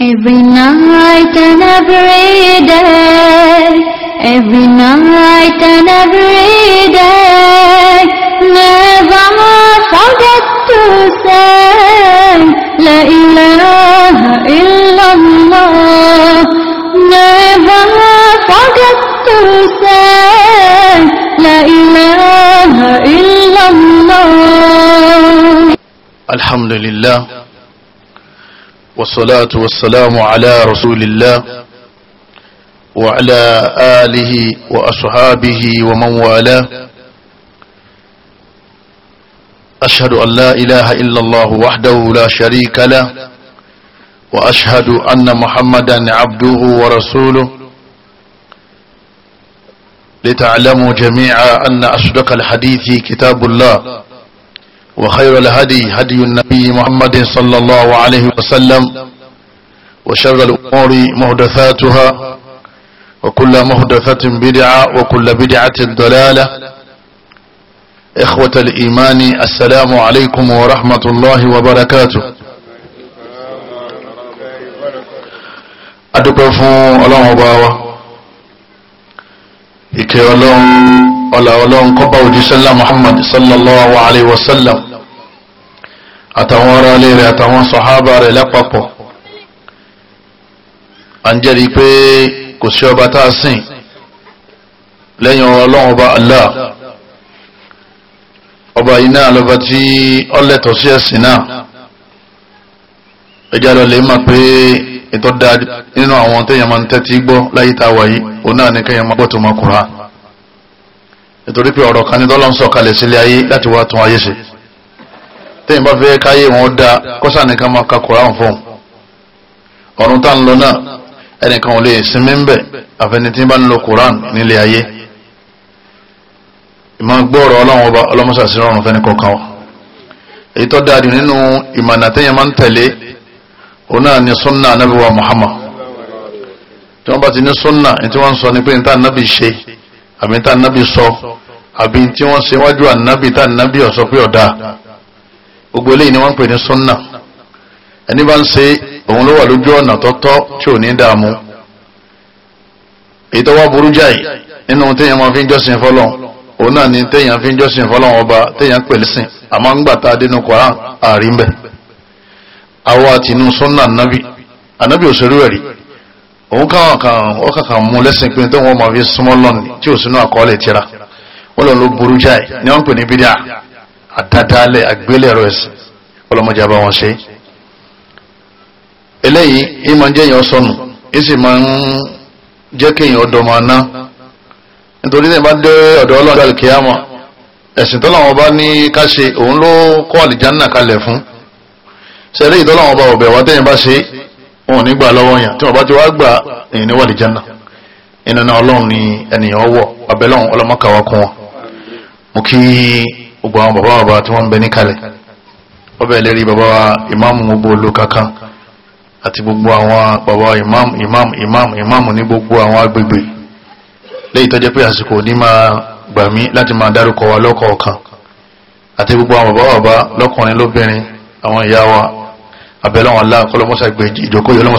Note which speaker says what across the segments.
Speaker 1: Every night and every day Every night and every day Never more forget to say La ilaha illallah Never more forget to say La ilaha illallah Alhamdulillah والصلاة والسلام على رسول الله وعلى آله وأصحابه ومن والاه أشهد أن لا إله إلا الله وحده لا شريك له وأشهد أن محمدا عبده ورسوله لتعلموا جميعا أن أصدق الحديث كتاب الله وخير الهدي هدي النبي محمد صلى الله عليه وسلم وشر الأمور مهدثاتها وكل مهدثة بدعة وكل بدعة ضلالة إخوة الإيمان السلام عليكم ورحمة الله وبركاته adúpẹ́ fún ọlọ́run ọba wa الله الله ọlá ọlọ́run الله òjíṣẹ́ ńlá muhammad sallallahu alaihi àtàwọn ará ilé rẹ̀ àtàwọn sọ̀hábà rẹ̀ lápapọ̀ à ń jẹ́rìí pé kò sí ọba tá a sìn lẹ́yìn ọlọ́run ọba Allah ọba yìí náà lọ́ba tí ọlẹ́tọ̀ sí ẹ̀sìn náà ẹjá lọ lè máa pé ètò dáa nínú àwọn téèyàn máa ń tẹ́tí gbọ́ láyé tá a wà yìí òun náà ní kéèyàn máa gbọ́ tó máa kura nítorí pé ọ̀rọ̀ kan ní tọ́lọ́ ń sọ̀kalẹ̀ sílé ayé láti wá tún ayé ṣe tẹ́yìn bá fẹ́ káyé wọn dá kọ́sà nìkan máa ka koran fún un ọ̀run tá ń lọ náà ẹnìkan ò lè sinmi ń bẹ̀ àfẹnití bá ń lo koran nílé ayé ìmọ̀ gbọ́ọ̀rọ̀ ọlọ́run ọba ọlọ́mọṣàṣì rọrùn fẹ́ni kọ̀ọ̀kan wa èyí tó dáa jù nínú ìmọ̀nà tẹ́yìn máa ń tẹ̀lé òun náà ni sunna anabi wa muhammad tí wọ́n bá ti ní sunna ní tí wọ́n ń sọ ni pé ní tá anabi ṣe àbí ní tá anabi sọ àbí tí wọ́n ṣe wájú anabi tá anabi ó pé ó gbogbo eléyìí ni wọ́n ń pè ní sunna ẹni bá ń ṣe òun ló wà lójú ọ̀nà tọ́tọ́ tí ò ní dààmú èyí tó wá burú jáì nínú téèyàn fi ń jọ́sìn òun náà ni téèyàn fi ń jọ́sìn ọba téèyàn pè lẹ́sìn àmọ́ ń gbà tá a dénú Quran àárín bẹ́ẹ̀ àwa àti inú sunna ànábì ànábì òun káwọn kan kàkà mú lẹ́sìn pé máa fi súnmọ́ tí ò sínú àkọọ́lẹ̀ tira wọ́n lọ àdádálẹ̀ àgbélẹ̀rọ ẹ̀sìn ọlọ́mọdé àbá wọn ṣe eléyìí ìmọ̀ jẹ́ èèyàn sọnù ó sì máa ń jẹ́ kí èèyàn ọdọ̀ máa ná nítorí náà bá dé ọ̀dọ̀ ọlọ́dọ̀ ẹ̀sìn tó làwọn bá ní ká ṣe òun ló kọ́ kalẹ̀ fún bá ọ̀bẹ̀ wá tẹ́yìn bá ṣe wọn ò ní gbà lọ́wọ́ yàn tí wọ́n bá ti wá gbà ìnana gbogbo àwọn bàbá bàbá tí wọ́n ń bẹ níkàlẹ̀ ọbẹ̀ lérí bàbá imam gbogbo olókankan àti gbogbo àwọn bàbá ìmáàmù ìmáàmù ìmáàmù ìmáàmù ní gbogbo àwọn agbègbè léyìí tó jẹ́ pé àsìkò ní máa gbà mí láti máa dárúkọ wa lọ́kọ̀ọ̀kan àti gbogbo àwọn bàbá bàbá lọ́kùnrin lóbìnrin àwọn ìyá wa abẹ́lọ́wọ̀n alá kọlọmọ́sàgbé ìjókòó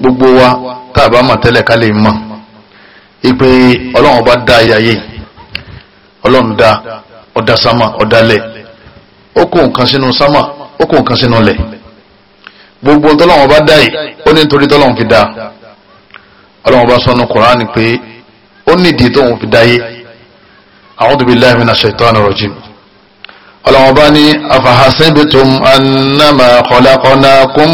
Speaker 1: gbogbo wa tá a bá mọ̀ tẹ́lẹ̀ ká lè mọ̀ ipe ọlọ́run ọba dá ayé ọlọ́run dá ọ̀dá sámà ọ̀dálẹ̀ ó kó nǹkan sínú sámà ó kó nǹkan sínú lẹ̀ gbogbo tọ́lọ́run ọba dá yìí ó ní nítorí tọ́lọ́run fi dá ọlọ́run ọba sọnù kùránì pé ó nídìí tóun fi dáyé a'udhu billahi minash shaitani rajim ọlọ́run ọba ní afahasibitum annama khalaqnakum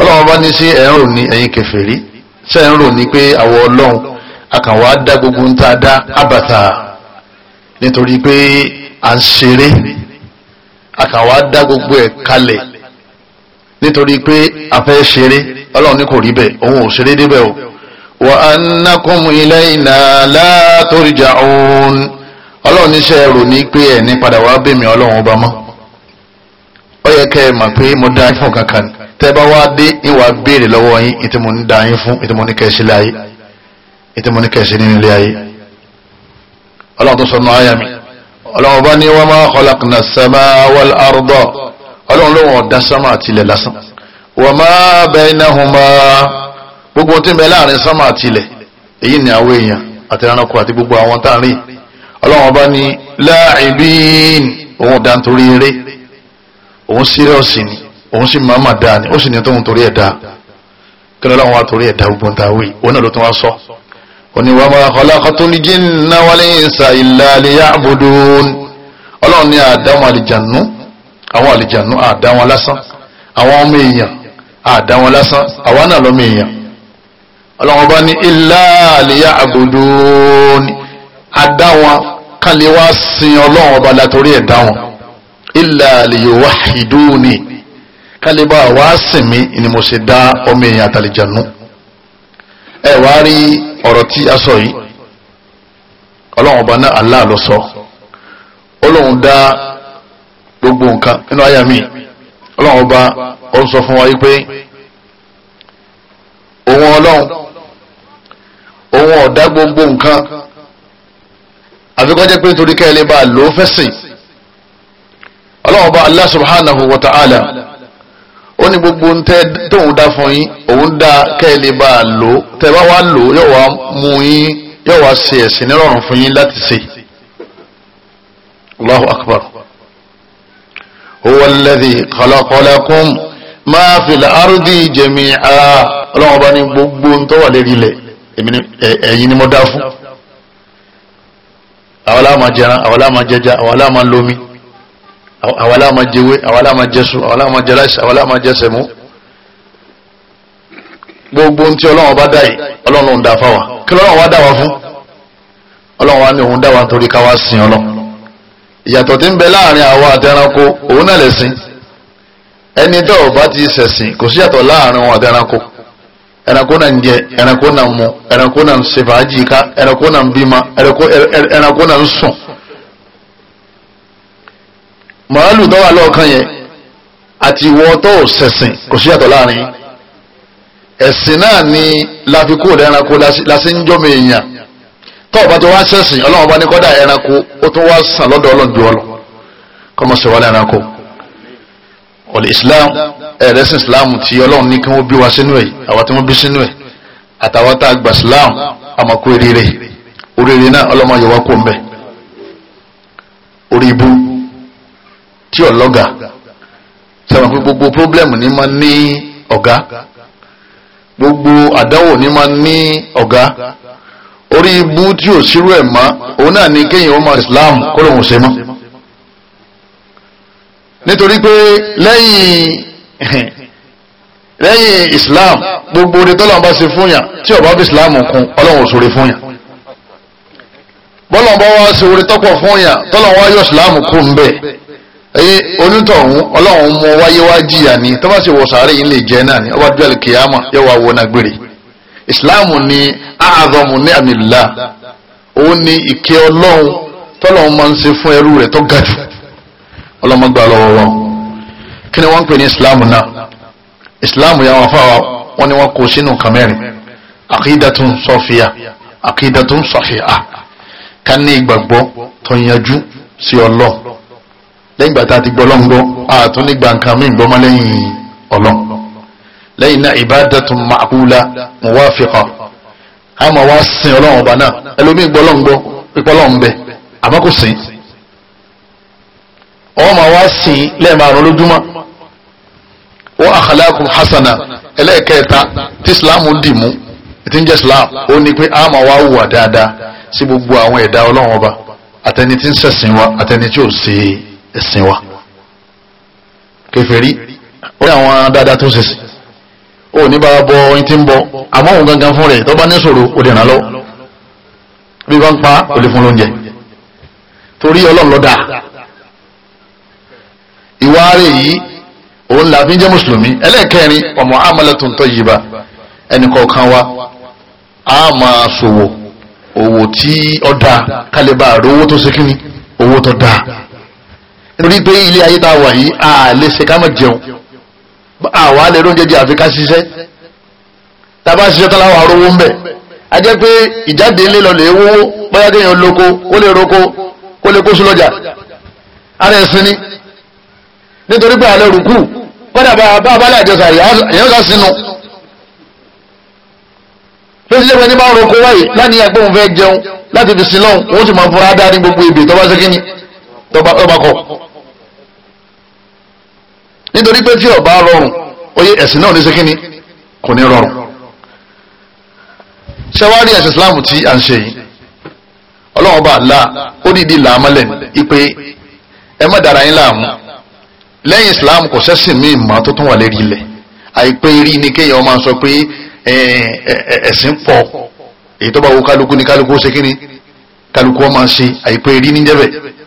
Speaker 1: ọlọ́run bá ní sí ẹ̀rùn ní ẹ̀yin kèfèrí ṣe ẹ̀rùn ní pé àwọ ọlọ́run akànwà dá gbogbo ń ta dá àbàtà nítorí pé à ń ṣeré akànwà dá gbogbo ẹ̀ kalẹ̀ nítorí pé a fẹ́ ṣeré ọlọ́run ní kò rí bẹ́ẹ̀ òun ò ṣeré débẹ̀ o wa annakum ilayna la turja'un ọlọ́run níṣẹ́ ẹ̀rù ní pé ẹ̀ ní padà wá bèmí ọlọ́run ọba mọ́ ó yẹ kẹ́ ẹ mọ̀ pé mo dá iphone kankan ni tẹ́bá wá dé ìwà béèrè lọ́wọ́ yín ìtí mo ní dáyín fún ìtí mo ní kẹsí láyé ìtí mo ní kẹsí nínú ilé ayé ọlọ́run tó sọnù àyà mi ọlọ́run bá ní wa ma khalaqna as-samaa wal-arda ọlọ́run lóhùn ọ̀dá sámà àtìlẹ̀ lásán wa ma baynahuma gbogbo tí ń bẹ láàrin sámà àtìlẹ̀ èyí ni àwọn èèyàn àti ẹranko àti gbogbo àwọn tá a rìn òun sì máa máa dáa ni ó sì ní tóun torí ẹ̀ dáa kí ló láwọn wá torí ẹ̀ dáa gbọ́n ta wí òun náà ló tún wá sọ. òní wa ma khalaqatul jinna wal insa illa liya'budun ọlọ́run ní àdáwọn àlìjànú àwọn àlìjànú àdáwọn lásán àwọn ọmọ èèyàn àdáwọn lásán àwa náà lọ́mọ èèyàn ọlọ́run bá ní illa liya'budun àdáwọn kan sin ọlọ́run ọba látòrí ẹ̀ dáwọn illa liyuwahhiduni kálíbà wá sinmi ni mo ṣe dá ọmọ èèyàn àtàlìjànú ẹ wá rí ọ̀rọ̀ tí a sọ yìí ọlọ́run ọba náà Allah ló sọ dá gbogbo nǹkan nínú àyà mi ọlọ́run ọba ó ń sọ fún wa wípé òun ọlọ́run òun ọ̀dá gbogbo nǹkan àfikọ́ pé nítorí kẹ́lẹ́ bá lò ó fẹ́ sìn ọlọ́run ọba Allah subhanahu ó ní gbogbo ntẹ tóun dá fún yín òun dá kẹ́lẹ́ bá a lò tẹ́ bá wá lò yóò wá mú yín yóò wá ṣe ẹ̀sìn nírọ̀rùn fún yín láti ṣe. Allahu akbar. huwa alladhi khalaqa lakum ma fil ardi jami'a ọlọ́run ní gbogbo ntọ́ wà lérí ilẹ̀ ẹ̀yin ni mo dá fún. àwọn aláàmà jẹran àwọn aláàmà jẹja àwọn aláàmà lómi àwọn aláàmà jẹwé àwọn aláàmà jẹsù àwọn aláàmà jẹláìsì àwọn aláàmà jẹsẹmú gbogbo ntí ọlọ́run bá dá yìí ọlọ́run ló ń dá fáwa kí lọ́run wá dá wa fún ọlọ́run wá ní òun dá wa nítorí ká wá sìn ọlọ́run ìyàtọ̀ tí ń bẹ láàrin àwa àti òun náà lè ẹni tó bá ti sẹ̀sìn kò sí ìyàtọ̀ láàrin òun àti ẹranko náà ń jẹ ẹranko náà ń mu ẹranko náà ń ṣe fàájì ká ẹranko náà ń bímọ ẹranko náà ń sùn màálù tó wà lọ́ọ̀kan yẹn àti ìwọ tó ò sẹ̀sìn kò sí yàtọ̀ láàrin ẹ̀sìn náà ni láfikún ọ̀dọ̀ ẹranko lásì ń jọ́mọ èèyàn tó o bá ti wá sẹ̀sìn ọlọ́run bá ní kọ́dà ẹranko ó tún wá sàn lọ́dọ̀ ọlọ́run jù ọ lọ kọ́mọ ẹranko ọ̀lẹ́ islam ẹ̀rẹ́sìn islam tí ọlọ́run ní kí wọ́n bí wa sínú ẹ̀ àwa tí wọ́n bí sínú ẹ̀ àtàwọn tá a gbà islam àmọ́kú eré rẹ̀ oríire náà ọlọ́mọ yẹ wá ń bẹ̀ orí tí ọlọ́gà sẹ́wọ̀n pé gbogbo pírọ́blẹ́mù ní máa ní ọ̀gá gbogbo àdánwò ní máa ní ọ̀gá orí ibú tí ò sírú ẹ̀ mọ́ òun náà ni kéèyàn ọmọ Islam kó lóun ṣe mọ́ nítorí pé lẹ́yìn lẹ́yìn Islam gbogbo orí tọ́lọ́run bá ṣe fún yàn tí ọba bí Islam kún ọlọ́run òṣèré fún yàn bọ́lọ̀ bá wá ṣe orí tọ́pọ̀ fún yàn tọ́lọ́run wá yọ Islam kún bẹ́ẹ̀ ee onítọ̀hún ọlọ́run mú wáyé wá jìyà ni tó bá sì wọ sàárè yìí lè jẹ náà ni ọba dúró kìyàmà ya wá wọnà gbére ìsìláàmù ni àádọ́mù ní àmìlá òun ni ìkẹ́ ọlọ́run tọ́lọ́run máa ń ṣe fún ẹrú rẹ̀ tó ga jù ọlọ́mọgbà lọ́wọ́ kí ni wọ́n ń pè ní ìsìláàmù náà ìsìláàmù yà ni wọn kó sínú nǹkan àkídàtún sọfìà àkídàtún lẹ́yìn gbàtà ti gbọ́ lọ́ngbọ́ àtún nígbà nǹkan mí gbọ́mọ́ lẹ́yìn ọlọ́n lẹ́yìn náà ibadatun ma'qula muwafiqa a máa wá sin ọlọ́run ọba náà ẹlòmíì gbọ́ lọ́ngbọ́ pípọ́ lọ́n bẹ àmọ́ kò sí ọwọ́ máa wá sin lẹ́ẹ̀márùn lójúmọ́ wa akhlaqun hasana ẹlẹ́ẹ̀kẹta tí islam ń dì mú ti ń jẹ́ islam ó ní pé a máa wá hùwà dáadáa sí gbogbo àwọn ẹ̀dá ọlọ́run ọba àtẹni tí ń ṣẹ̀sìn wa àtẹni tí ò sí i ẹ̀sìn wa kèfèrí ó àwọn dáadáa tó ṣe ó ní bá bọ ohun tí ń bọ àmọ́ gangan fún rẹ̀ tó bá ní ṣòro ó dènà lọ bí ń pa olè fún lóúnjẹ torí ọlọ́run lọ dáa ìwà rẹ̀ yìí òun là fi ń jẹ́ mùsùlùmí ẹlẹ́ẹ̀kẹrin ọmọ ẹnì kọ̀ọ̀kan wa a máa ṣòwò tí kálíbà rówó tó ṣe kíni owó tó torí pé ilé ayé tá a wà yìí a lè ṣe ká má jẹun àwa lè lóúnjẹ di àfi ká ṣiṣẹ́ tá a bá ṣiṣẹ́ tọ́lá wàá rówó ń bẹ̀ a jẹ́ pé ìjáde ilé lọ lè wó bóyá kéèyàn lóko ó lè roko kó lè kó sùlọ́jà ara ẹ̀sìn ni nítorí pé àlẹ́ rùkú kọ́dà bá abálẹ̀ àjọsà èèyàn sá sínú lóṣù jẹ́ pé ní bá roko wáyé láti yàgbóhùn fẹ́ jẹun láti fi sílọ́hùn òun sì máa fura dáa ní gbogbo ibè tó lọ́ba kọ̀ nítorí pé tí ọba rọrùn oyè ẹ̀sìn náà ní sẹ́kínni kò ní rọrùn ṣẹwárí ẹ̀sìn Islam tí a ń ṣe yìí ọlọ́run bá la ó dìdí làámọ́lẹ̀ ipe ẹ má dára yín láàmú lẹ́yìn Islam kò sẹ́sìn míì mọ́ tó tún wà lérí ilẹ̀ àìpé rí ni kéèyàn máa sọ pé ẹ̀sìn pọ̀ èyí tó bá wo kálukú ni kálukú ó ṣe kí kálukú ó máa ṣe àìpé rí níjẹ́bẹ̀ẹ́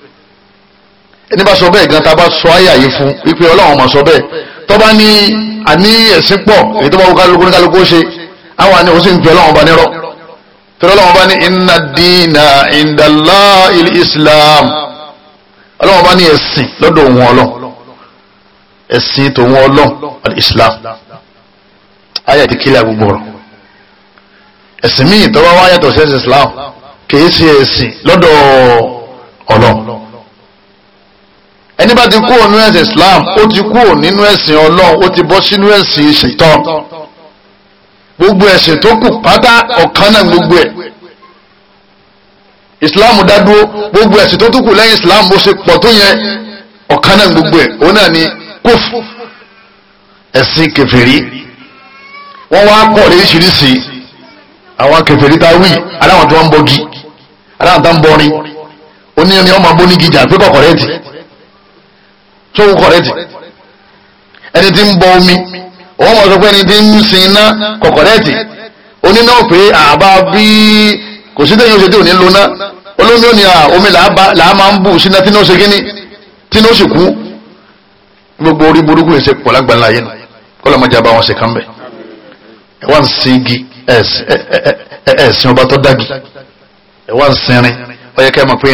Speaker 1: ẹni bá sọ bẹ́ẹ̀ gan ta bá sọ ayé àyè fún wípé ọlọ́run máa sọ bẹ́ẹ̀ tó bá ní àní ẹ̀sìn pọ̀ èyí tó bá wọ́n kálukú ní kálukú ṣe àwọn àni òsì ń pè ọlọ́run bá nírọ́ pé ọlọ́run bá ní inna dina indala il islam ọlọ́run bá ní ẹ̀sìn lọ́dọ̀ òun ọlọ́ ẹ̀sìn tòun ọlọ́ al islam ayé àti kílẹ̀ gbogbo rọ̀ ẹ̀sìn míì tó bá wáyàtọ̀ sí islam kì í ṣe ẹ̀sìn
Speaker 2: ẹni bá ti kú ònú ẹ̀sìn Islam ó ti
Speaker 1: kú ònínú ẹ̀sìn Ọlọ́run ó ti bọ́ sínú ẹ̀sìn Ṣètán gbogbo ẹ̀sìn tó kù pátá ọ̀kan náà gbogbo ẹ̀ Islam dádúró gbogbo ẹ̀sìn tó tún kù lẹ́yìn Islam bó ṣe pọ̀ tó yẹn ọ̀kan náà gbogbo ẹ̀ òun náà ni kóf ẹ̀sìn kèfèrí wọ́n wá pọ̀ lóríṣiríṣi àwọn kèfèrí tá a wí aláwọ̀ tó ń bọ́gi aláwọ̀ tó ń bọ́rin oníyanìyàn máa bó ní gíjà pé kọ̀kọ̀rẹ́ ti. tó ń kọ̀rẹ́tì ẹni tí ń bọ omi òun mọ̀ sọ pé ẹni tí ń sin iná kò kọ̀rẹ́tì oníná pé àbá bí kò sí tẹ́yìn oṣù tí ò ní lona olómi ò omi làá máa ń bù síná tí ní ó ṣe kíní tí ní ó sì kú gbogbo orí burúkú yìí ṣe pọ̀ lágbàlá yẹn wọn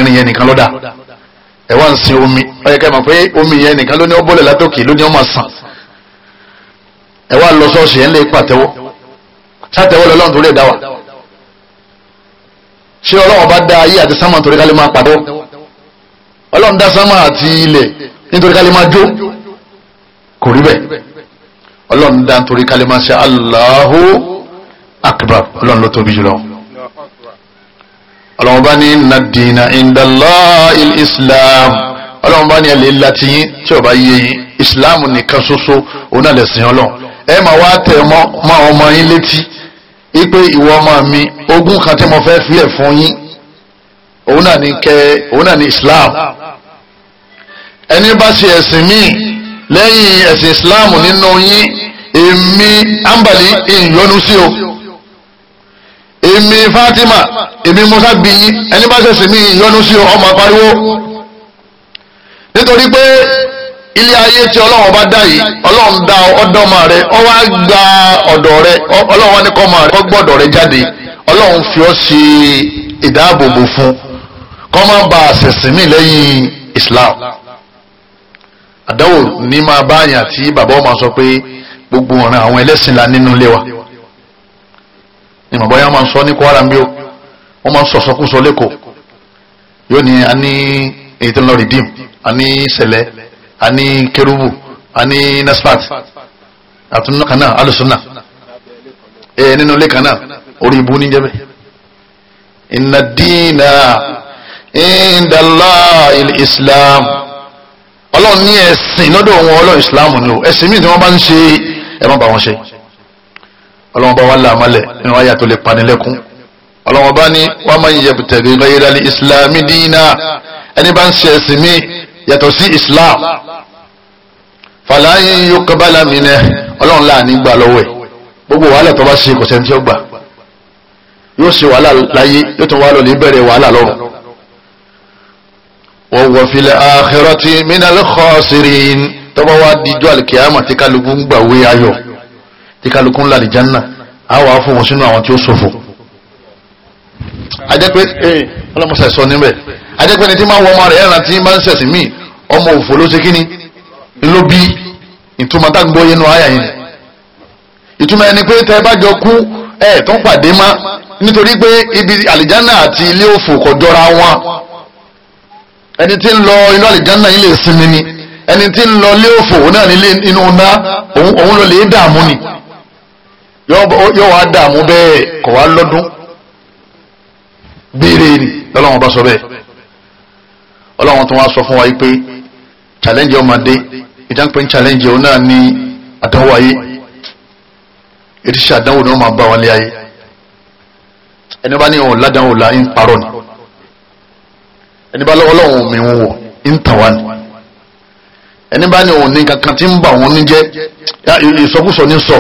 Speaker 1: ọba ẹ wá ń sin omi ó yẹ kẹ́ mọ̀ pé omi yẹn nìkan ló ní ó bọ́lẹ̀ látòkè ló ní ó máa sàn ẹ wá lọ sọ́ọ̀sì yẹn lè pàtẹ́wọ́ sátẹ́wọ́ lọ́lọ́run torí ẹ̀dá wa ṣé ọlọ́run bá dá ayé àti sánmà torí ká máa pàtẹ́wọ́ ọlọ́run dá sánmà àti ilẹ̀ nítorí ká máa jó kò rí bẹ́ẹ̀ ọlọ́run dá nítorí ká máa ṣe Allahu Akbar ọlọ́run ló tóbi jùlọ ọlọ́run bá ní nadina indala islam ọlọ́run bá ní ẹ̀ lè látìyín tí ọba yé yín islam nìkan ṣoṣo òun náà lẹ̀sìn ọlọ́run ẹ máa wá tẹ̀ mọ́ máa ọmọ yín létí ipe ìwọ ọmọ mi ogún kan tí mo fẹ́ filẹ̀ fún yín òun náà ní kẹ òun náà ní islam ẹni bá ṣe ẹ̀sìn míì lẹ́yìn ẹ̀sìn islam nínú yín èmi ámbàlí ìyọnu sí o èmi Fatima èmi Musa biyi ẹni bá ṣẹ̀ṣẹ̀ mi ìyọnu sí ọmọ pariwo nítorí pé ilé ayé tí ọlọ́run bá dá yìí ọlọ́run dá ọdọ́mọ rẹ ọ wá gba ọ̀dọ̀ rẹ ọlọ́run wá ní kọ́mọ rẹ gbọ́dọ̀ rẹ jáde ọlọ́run fi ọ́ ṣe ìdáàbòbò fún kọ́ máa ba àṣẹ̀sìn mi lẹ́yìn Islam àdáwò ní máa bá àyàn àti bàbá ọmọ sọ pé gbogbo ọ̀ràn àwọn ẹlẹ́sìn la nínú ilé wa ni màbá yẹn máa ń sọ ní Kwara mi o wọ́n máa ń sọ̀sọ́kúsọ lẹ́kọ̀ọ́ yóò ní a ní èyí tó ń lọ redeem a ní sẹ̀lẹ̀ a ní kérúbù a ní nasfat àtúnú kan náà alùsùnà ẹ nínú ilé kan náà orí ibu ní jẹ́bẹ̀. inna dina inda Allahil islam ọlọ́run ní ẹ̀sìn lọ́dọ̀ wọn ọlọ́run islam ni o ẹ̀sìn míì tí wọ́n bá ń ṣe ẹ̀ má bá wọn ṣe ọlọ́wọ́n bá wà láàmọ́lẹ̀ nínú àyà tó lè panilẹ́kún ọlọ́wọ́n bá ní wọ́n máa ń yẹ̀bùtẹ̀bí gayirali islam dínà ẹni bá ń ṣe ẹ̀sìn mi yàtọ̀ sí islam fàlàyé yóò kọ́bálà mi nẹ ọlọ́run láàánú gbà lọ́wọ́ ẹ̀ gbogbo wàhálà tó bá ṣe kò sẹ́ni tí ó gbà yóò ṣe wàhálà láyé yóò tún wàhálà lè bẹ̀rẹ̀ wàhálà lọ́run wọ́n wọ́n filẹ̀ àkẹrọ̀tì mínàlẹ́ kọ́ọ̀sìrì tọ́ba wa tí kálukú ńlá àlìjánná á wà fún wọn sínú àwọn tí ó ṣòfò ajẹ́pẹ́ eh, ọlọ́mọṣẹ́ sọ níbẹ̀ ajẹ́pẹ́ ni tí máa ń wọ ọmọ rẹ̀ ẹ̀ràn tí máa ń ṣẹ̀sìn míì ọmọ òfò ló ṣe kí ni ló bí ìtumọ̀ tá ń gbọ́ yẹnu àyà yẹn ìtumọ̀ ẹni pé tẹ́ bá jọ kú ẹ̀ tó ń pàdé má nítorí pé ibi àlìjánná àti ilé òfò kò jọra wọn ẹni tí ń lọ inú àlìjánná yìí lè sinmi ni ẹni tí ń lọ ilé òfò náà nílé inú ná òun ló lè dààmú ni yóò wá dààmú bẹ́ẹ̀ kọ̀ wá lọ́dún béèrè ni lọ́lọ́wọ́n bá sọ bẹ́ẹ̀ ọlọ́wọ́n tó wá sọ fún wa yìí pé challenge ọmọdé ìjànpé challenge òun náà ní àdánwò ayé ìdíṣẹ́ àdánwò náà máa bá wọn lé ayé ẹni bá ní òun ládánwò la ń parọ́ ni ẹni bá lọ́wọ́ lọ́wọ́ mi wò ń tàn wá ni ẹni bá ní òun ní kankan tí ń bà wọn ní jẹ́ ìsọkúsọ ní sọ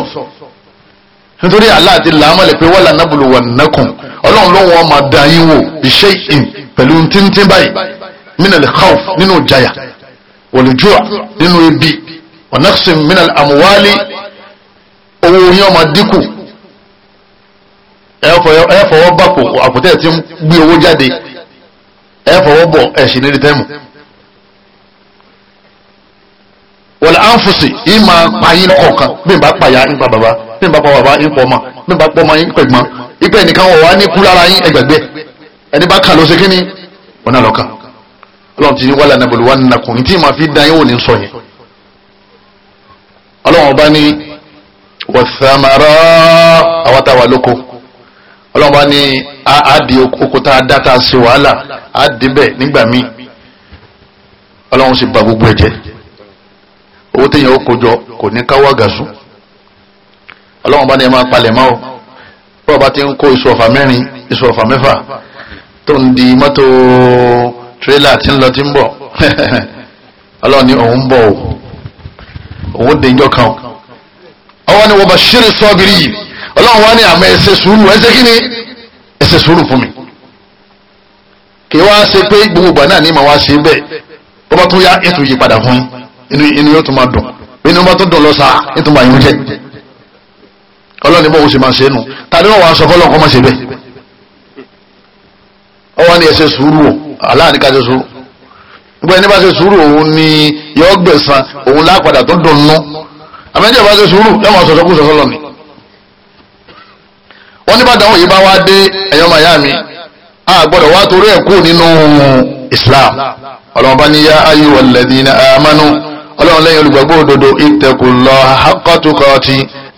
Speaker 1: nítorí Allah ti làámọ̀lẹ̀ pé wọ́lá nábùlù wà nàkùn ọlọ́run ló wọ́n máa da yín wò iṣẹ́ ìn pẹ̀lú tíntín báyìí minal khawf nínú jaya wal-ju' nínú ebi wa naqsin minal amwali owó yín ọmọ dínkù ẹ fọwọ́ bá kò àkùtẹ́ tí ń gbé owó jáde ẹ fọwọ́ bọ̀ ẹ̀ sì nírí tẹ́mù wal anfusi ìmọ̀ pààyín kọ̀ọ̀kan bí n bá pààyà nípa bàbá bí n bá pa bàbá ń pọ̀ ọmọ bí n bá ọmọ yín pẹ̀gbọ́n ipe nìkan wọ̀ wá ní kú lára yín ẹgbẹ̀gbẹ́ ẹni bá kà ló ṣe kíní ọ̀nà lọ́kàn ọlọ́run ti ní wàhálà nàbẹ̀lú wà nínú akùnrin tí màá fi dán yín wò ní sọ yẹn ọlọ́run ọba ní wọ̀sàmàrà àwọn táwa lóko ọlọ́run ọba ní àádìí oko tá a dá tá a ṣe wàhálà àádìí bẹ́ẹ̀ nígbà míì ọlọ́run sì ba gbogbo ẹ̀jẹ̀ owó téèyàn ó kó jọ kò ní káwọ́ àgàsùn ọlọ́wọ́n bá ní ẹ máa palẹ̀ mọ́ bọ́ọ̀ bá ti ń kó iṣu ọ̀fà mẹ́rin iṣu ọ̀fà mẹ́fà tó ń di mọ́tò tírélà tí ń lọ tí ń bọ̀ ọlọ́wọ́n ní òun bọ̀ o òun dèjọ́ kan ọwọ́ ni wọ́n bá ṣírí sọ́ọ́bìrì yìí ọlọ́wọ́n wá ní àmọ́ ẹsẹ̀ sùúrù ẹsẹ̀ kí ni ẹsẹ̀ sùúrù fún mi kì í wá ṣe pé gbogbo náà ní ma wá ṣe bẹ́ẹ̀ bọ́ bá tún yá ètò yí padà fún yín inú yóò tún máa dùn inú bá tún dùn lọ sáà ètò máa yún jẹ́ ọlọ́ni bó o sì máa ṣe nù tani wọn wàá sọ fọlọ́ nǹkan máa ṣe bẹ́ẹ̀ ọwọ́ ni ẹ sùúrù o aláàní ká ṣe sùúrù nígbà yẹn bá ṣe sùúrù òun ni yọ gbẹ̀sán òun lápadà tó dùn nù àmẹ́jẹ̀ bá ṣe sùúrù yọ máa sọ̀tọ̀ kú sọ̀tọ̀ lọ́ni. wọ́n ní bàtà wọn yìí bá wá dé ẹ̀yọ́ màyá mi a gbọ́dọ̀ wá torí ẹ̀ kú nínú Islam ọlọ́run bá ní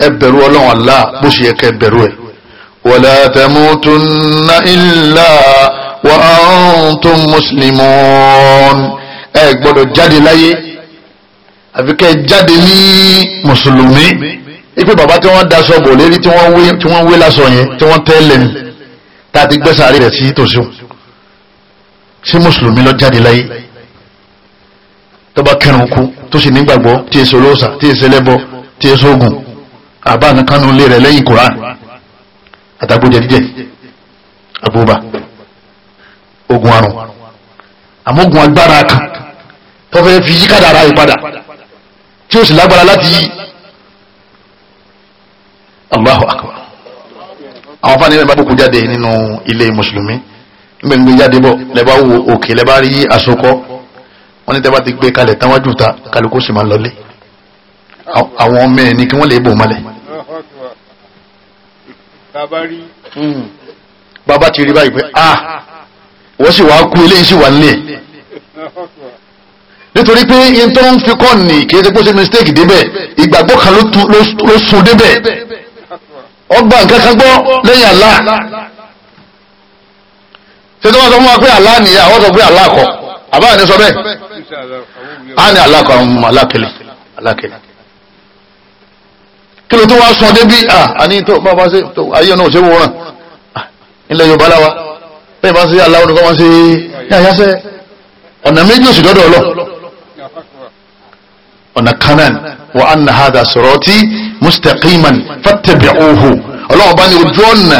Speaker 1: ẹ bẹ̀rù ọlọ́run Allah bó ṣe yẹ kẹ́ bẹ̀rù ẹ̀. wala tamutunna illa wa antum muslimun ẹ gbọ́dọ̀ jáde láyé àfi kẹ́ jáde ní mùsùlùmí ipe bàbá tí wọ́n daṣọ bò lérí tí wọ́n wé lásọ yẹn tí wọ́n tẹ́lẹ̀ ní tá a ti gbẹ́sàárì rẹ̀ sí tòsí sí mùsùlùmí lọ jáde láyé tó bá kú tó sì nígbàgbọ́ tí èso lóòsà tí èso lẹ́bọ tí èso ogun àbá kankan nù lé rẹ̀ lẹ́yìn koran àtàgbò jẹ̀díjẹ̀ àbúbà ogun àrùn àmógun agbára kan tó fẹ́ fi yíkàdà ara ìpadà tí ó sì lágbára láti yí Allahu akbar àwọn fáni ẹgbẹ́ bá kó jáde nínú ilé mùsùlùmí nígbà gbé jáde bọ̀ lẹ́bàá wo òkè lẹ́bàá rí àsokọ́ wọ́n ní tẹ́bà ti gbé kalẹ̀ táwájú ta kálukú sì máa lọlé àwọn ọmọ ẹ̀ ní kí wọ́n lè bò malẹ̀ Hmm. bàbá ti rí báyìí pé ah wọ́n sì wá kú eléyìí sì wà nílé nítorí pé yín tó ń fi kọ́ ní kìí ṣe pé ó ṣe mistake débẹ̀ ìgbàgbọ́ kan ló sùn débẹ̀ ọgbà nǹkan kan gbọ́ lẹ́yìn Allah
Speaker 2: ṣé tí wọ́n sọ fún wa pé Allah nìyà wọ́n sọ pé Allah kọ́ àbáyọ̀ ní sọ bẹ́ẹ̀
Speaker 1: á ní Allah kọ́ àwọn ọmọ alákẹ́lẹ́ alákẹ́lẹ́ kí ló tó wá sọ débí àní tó bá bá ṣe ayé náà ṣe wòran ilẹ̀ yorùbá láwa bẹ́ẹ̀ bá ṣe aláwọ̀ nìkan wọ́n ṣe yáyásẹ́ ọ̀nà méjì òsì lọ́dọ̀ ọlọ́ ọ̀nà kanan wa anna hadha sirati mustaqiman fattabi'uhu ọlọ́wọ́ bá ní ojú ọ̀nà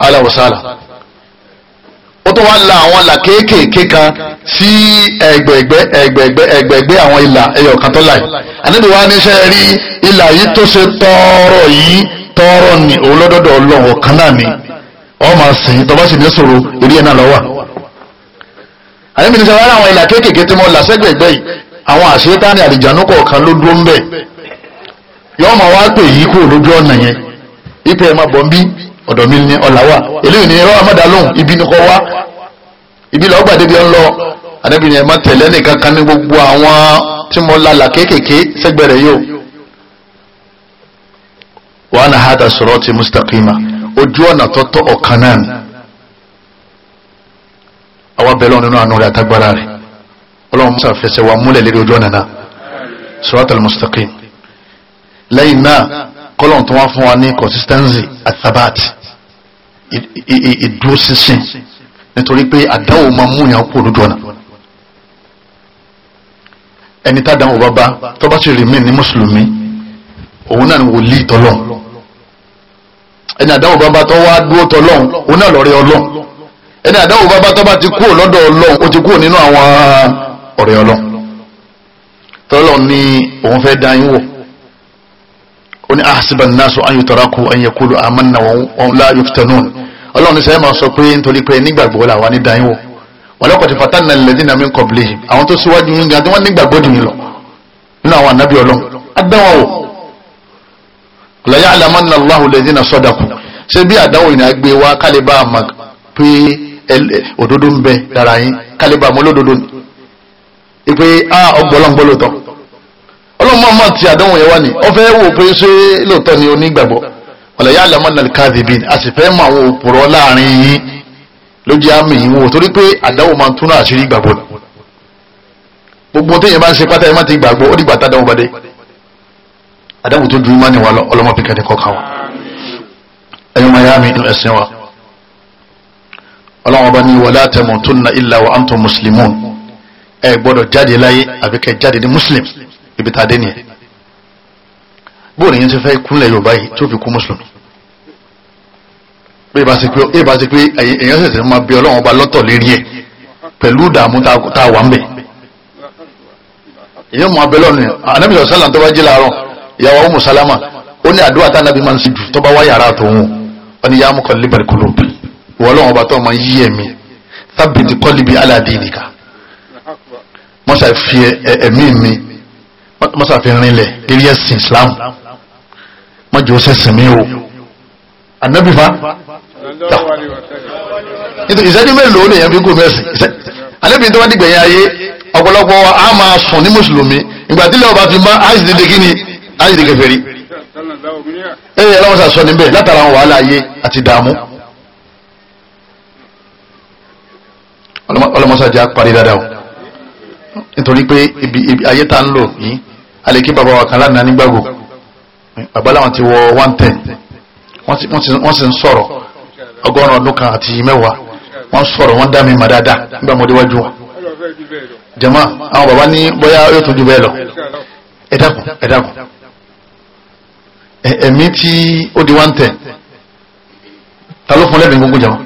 Speaker 1: aláwọ̀sálà ó tún wá la àwọn ìlà kéékèèké kan sí ẹgbẹ̀ẹ̀gbẹ́ ẹgbẹ̀ẹ̀gbẹ́ ẹgbẹ̀ẹ̀gbẹ́ àwọn ìlà ẹyọ kan tó láì ànábì wa níṣẹ́ rí ìlà yìí tó ṣe tọrọ yìí tọrọ ni òun lọ́dọ̀dọ̀ ọlọ́wọ̀ kan náà ni wọ́n máa sìn tọ́ bá sì ní sòro orí ẹ̀ náà lọ́wọ́ ànábì níṣẹ́ wá àwọn ìlà kéékèèké tí mo là sẹ́gbẹ̀ẹ̀gbẹ́ yìí àwọn àṣetáni àlìjànú kọ̀ọ̀kan ló dúró ń bẹ̀ yọ́ọ́ máa wá pè yí kúrò lójú ọ̀nà yẹn ipe ẹ̀ máa bọ̀ ń bí ọ̀dọ̀ mi ni ọ̀là wà eléyìí ni ẹ̀rọ amọ́dà lóhùn ibi ni kọ́ wá ibi lọ́ọ́ gbàdé bí ọ ń lọ ànábì ni ẹ̀ má tẹ̀lé nìkan kan ní gbogbo àwọn tí mo lálà kéékèèké sẹ́gbẹ̀rẹ̀ yìí o. wa ana hada sirati mustaqima ojú ọ̀nà tọ́tọ́ ọ̀kan náà ni àwa bẹ̀rẹ̀ ọ̀nà náà nùrẹ̀ àtagbára rẹ̀ ọlọ́run musa fẹsẹ̀ wa múlẹ̀ lérí ojú ọ̀nà náà siratal mustaqim lẹ́yìn náà kọ́lọ̀ tó wá fún wa ní consistency àtàbàtì ìdúró sísìn nítorí pé àdáwò máa mú yàn kó lójú ọ̀nà ẹni tá dáhùn bàbá tó bá sì rìmí ní mùsùlùmí òun náà ni wòlíì tọlọ́hun ẹni àdáwò bàbá tó wá dúró tọlọ́hun òun náà lọ́rẹ́ ọlọ́hun ẹni àdáwò bàbá tó bá ti kúrò lọ́dọ̀ ọlọ́hun ó ti kúrò nínú àwọn ọ̀rẹ́ ọlọ́hun tọlọ́hun ni òun fẹ́ dá yín wò ó ní ahasiba nasu an yutaraku an yakulu amanna wọn la yuftanun ọlọ́run ní sẹ́yìn máa sọ pé nítorí pé nígbàgbọ́ là wà ní dáyìn wò walaqad fatanna alladhina min qablihim àwọn tó síwájú yín gan tí wọ́n nígbàgbọ́ dì yín lọ nínú àwọn ànábì ọlọ́run adáwọ̀ wò la ya'lamanna Allahu alladhina sadaqu ṣé bí àdáwọ̀ ìrìn àgbè wa kálíbà àmà pé òdodo ń bẹ dára yín kálíbà àmọ́ olódodo ni ìpè ah, ọgbọ́lọ́ngbọ́lótọ́ ọlọ́mọ máa ti àdánwò yẹn wá ní ọfẹ́ wò pé ṣé lóòótọ́ ni onígbàgbọ́ ọ̀lẹ́ yà lẹ́mọ́ náà kadhibin a sì fẹ́ mọ àwọn òpùrọ̀ láàrin yín ló jẹ́ àmì yìí wò torí pé àdánwò máa ń túnú àṣírí ìgbàgbọ́ ni gbogbo téèyàn bá ń ṣe pátá ẹ má ti gbàgbọ́ ó dìgbà tádàwọ̀ bá dé àdánwò tó ju imáni wa lọ ọlọ́mọ fi kẹ́ni kọ́ka wa ẹ̀yọ́ máa yá mi inú ẹ̀sìn wa ọlọ́wọ́n bá ní wala tamutunna illa wa antum muslimun ẹ gbọ́dọ̀ jáde láyé àbíkẹ́ jáde ní muslim ibi tá a dé nìyẹn bóòlù yẹn ti fẹ́ kúnlẹ̀ yorùbá yìí tó fi kú mùsùlùmí bí ìbá ti pé ìbá ti pé èèyàn ṣẹ̀ṣẹ̀ máa bí ọlọ́run ọba lọ́tọ̀ lérí ẹ̀ pẹ̀lú ìdààmú tá a wà ń bẹ̀ èèyàn máa bẹ lọ́nu yẹn ànábì sọ̀rọ̀ sálà tó bá jí làárọ̀ ìyàwó ọmọ sálámà ó ní àdúrà tá ànábì máa ń ṣe jù tó bá wá yàrá tòun ó ní yàmú kọ́ líbẹ̀rẹ̀ kúló ìwọ ọba tó máa yí ẹ̀mí tábìlì kọ́ líbi aládìníkà mọ́ṣáì fi ẹ̀mí mi mọ́sàfihàn rinlẹ̀ lérí ẹ̀sìn islam mọ́jọ́ sẹ́sìn mi o anabi fa nítorí ìṣẹ́jú mélòó lè yẹn fi kó mẹ́sìn alẹ́bí tó wá dìgbẹ̀yìn ayé ọ̀pọ̀lọpọ̀ a máa sùn ní mùsùlùmí ìgbà tí lẹ́wọ̀ bá fi má àìsí dédé kí ni àìsí dédé kèfèrí ẹ̀yẹ ọlọ́wọ́ sà sọ níbẹ̀ látara àwọn wàhálà ayé àti dààmú ọlọ́mọsá jẹ́ àparí dáadáa o nítorí pé ibi ayé tá ń lò yìí alèkí bàbá wa kan lánàá nígbàgbò bàbá láwọn ti wọ one ten wọ́n sì ń sọ̀rọ̀ ọgọ́rùn ọdún kan àti mẹ́wàá wọ́n sọ̀rọ̀ wọ́n dá mi mà dáadáa nígbà mo déwájú wa
Speaker 2: jama àwọn bàbá ní bóyá yóò tún ju bẹ́ẹ̀ lọ
Speaker 1: ẹ dákun ẹ̀mí tí ó di one ten ta ló fún lẹ́mìí gbogbo jama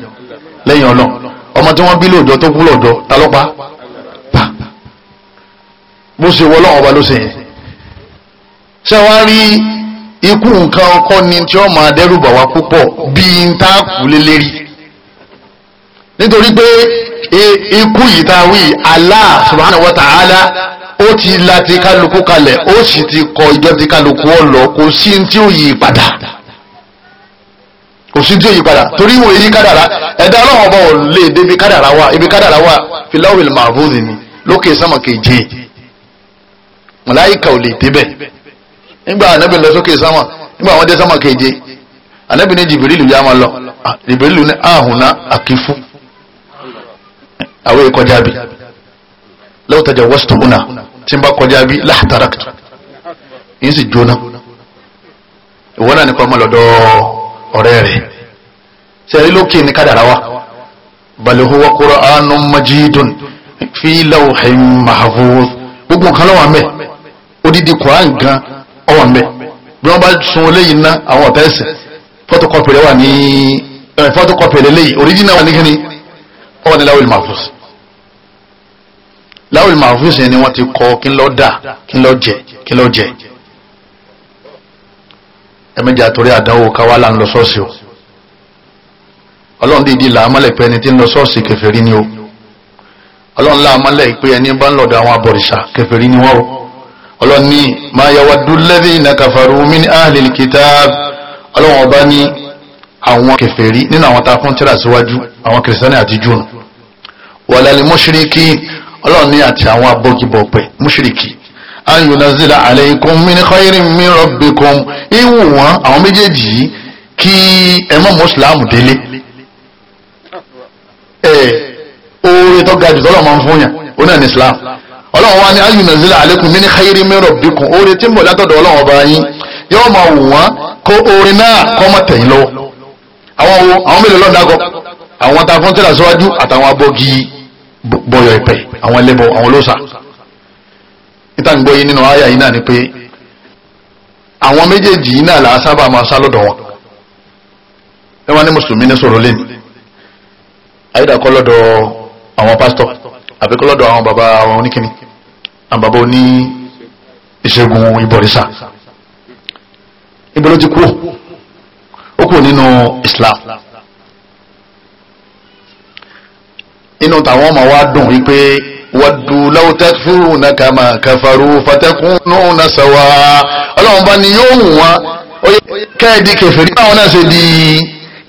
Speaker 1: lẹ́yìn ọlọ́run ọmọ tí wọ́n bí lóòjọ́ tó kú lóòjọ́ ta ló pa bó ṣe wọ́ ọlọ́run ọba ló ṣe yẹn ṣe wá rí ikú nǹkan ọkọ ni tí ó máa dẹ́rùbà wá púpọ̀ bíi ń tá kú lélẹ́rí nítorí pé e, ikú yìí tá a wí Allah subhanahu wa ta'ala ó ti la ti kálukú kalẹ̀ ó sì ti kọ ìjọ ti kálukú ọ̀lọ́ kò sí tí ó yí padà kò sí tí ó yí padà torí ìwòye yí kádàrá ẹ̀dá ọlọ́run ọba ò lè débi kádàrá wa ibi kádàrá wa filawil mahfuz ni lókè sámà keje màláìka ò lè débẹ̀ nígbà ànábì lọ sókè sámà nígbà àwọn dé sámà keje ànábì ní jìbìrìlù yá máa lọ jìbìrìlù ní àhùnà ah, àkífù àwọn ìkọjá bí lọ́wọ́tajà wọ́sítọ̀ húnà tí ń bá kọjá bí láhàtàràkìtù yìí sì jóná ìwọ́n náà nípa ọmọlọ́dọ̀ ọ̀rẹ́ rẹ̀ sẹ́rí lókè ní kádàrá wa bal huwa qur'anun majidun fi lawhin mahfuz gbogbo nǹkan lọ́wọ́ mẹ́ odidi Qur'an gan ọwọ́ nbẹ bí wọ́n bá sun eléyìí ná àwọn ọ̀tá ẹ̀sìn photocopy rẹ wà ní photocopy rẹ léyìí original wà ní kíni ọwọ́ ní láwìlì mahfuz láwìlì mahfuz ni wọ́n ti kọ́ kí n lọ dà kí n lọ jẹ kí n lọ jẹ ẹ̀mẹ́jà torí àdánwò káwá là ń lọ sọ́ọ̀sì o ọlọ́run dìídì làámọ́lẹ̀ pé ẹni tí ń lọ sọ́ọ̀sì kèfèrí ni o ọlọ́run làámọ́lẹ̀ pé ẹni bá ń lọ̀dọ̀ àwọn abọ̀rìṣà kèfèrí ni wọ́n o ọlọ́run ní máa yawaddu alladhina kafaru min ahlil kitab ọlọ́run ọba ní àwọn kèfèrí nínú àwọn takun tíra síwájú àwọn kìrìsìtánì àti júùn walal mushrikin ọlọ́run ní àti àwọn abọ́gibọ̀pẹ̀ mushriki an yunazila alaykum min khairin min rabbikum ìwù wọn àwọn méjèèjì yìí kí ẹ mọ́ mùsùlùmù délé ẹ oore tó ga tọ́lọ́ máa ń fún yàn ó náà ní islam ọlọ́run wa ni ayu nazila aleikum mini khayri min rabbikum oore tí ń bọ̀ látọ̀dọ̀ ọlọ́run ọba yín yóò máa wù wọ́n kó oore náà kọ́ mọ̀ tẹ̀yìn lọ́wọ́ àwọn wo àwọn mélòó lọ́ọ̀ dákọ̀ àwọn tá fún tẹ́lá síwájú àtàwọn abọ́gi bọ̀yọ̀ ìpẹ́ àwọn ẹlẹ́bọ̀ àwọn olóòsà níta ń gbọ́ yín nínú àyà yín náà ni pé àwọn méjèèjì yín náà làá sábà máa sá lọ́dọ̀ wọn ẹ wá ní mùsùlùmí ní sọ̀rọ̀ lẹ́nu ayédàkọ́ lọ́dọ̀ àwọn pásítọ̀ àbíkọ́ lọ́dọ̀ àwọn bàbá àwọn oníkíní àwọn bàbá oní ìṣègùn ìbọ̀rìṣà ibi ló ti kú ó kú nínú Islam inú tàwọn ọmọ wa dùn wípé wàdù láwùtẹ́fù nàkàmà kàfàrù fàtẹ́kùnú nàṣàwà ọlọ́run bá ní yóò wù wọn kẹ́ẹ̀dì kẹfẹ̀rí báwọn náà ṣe di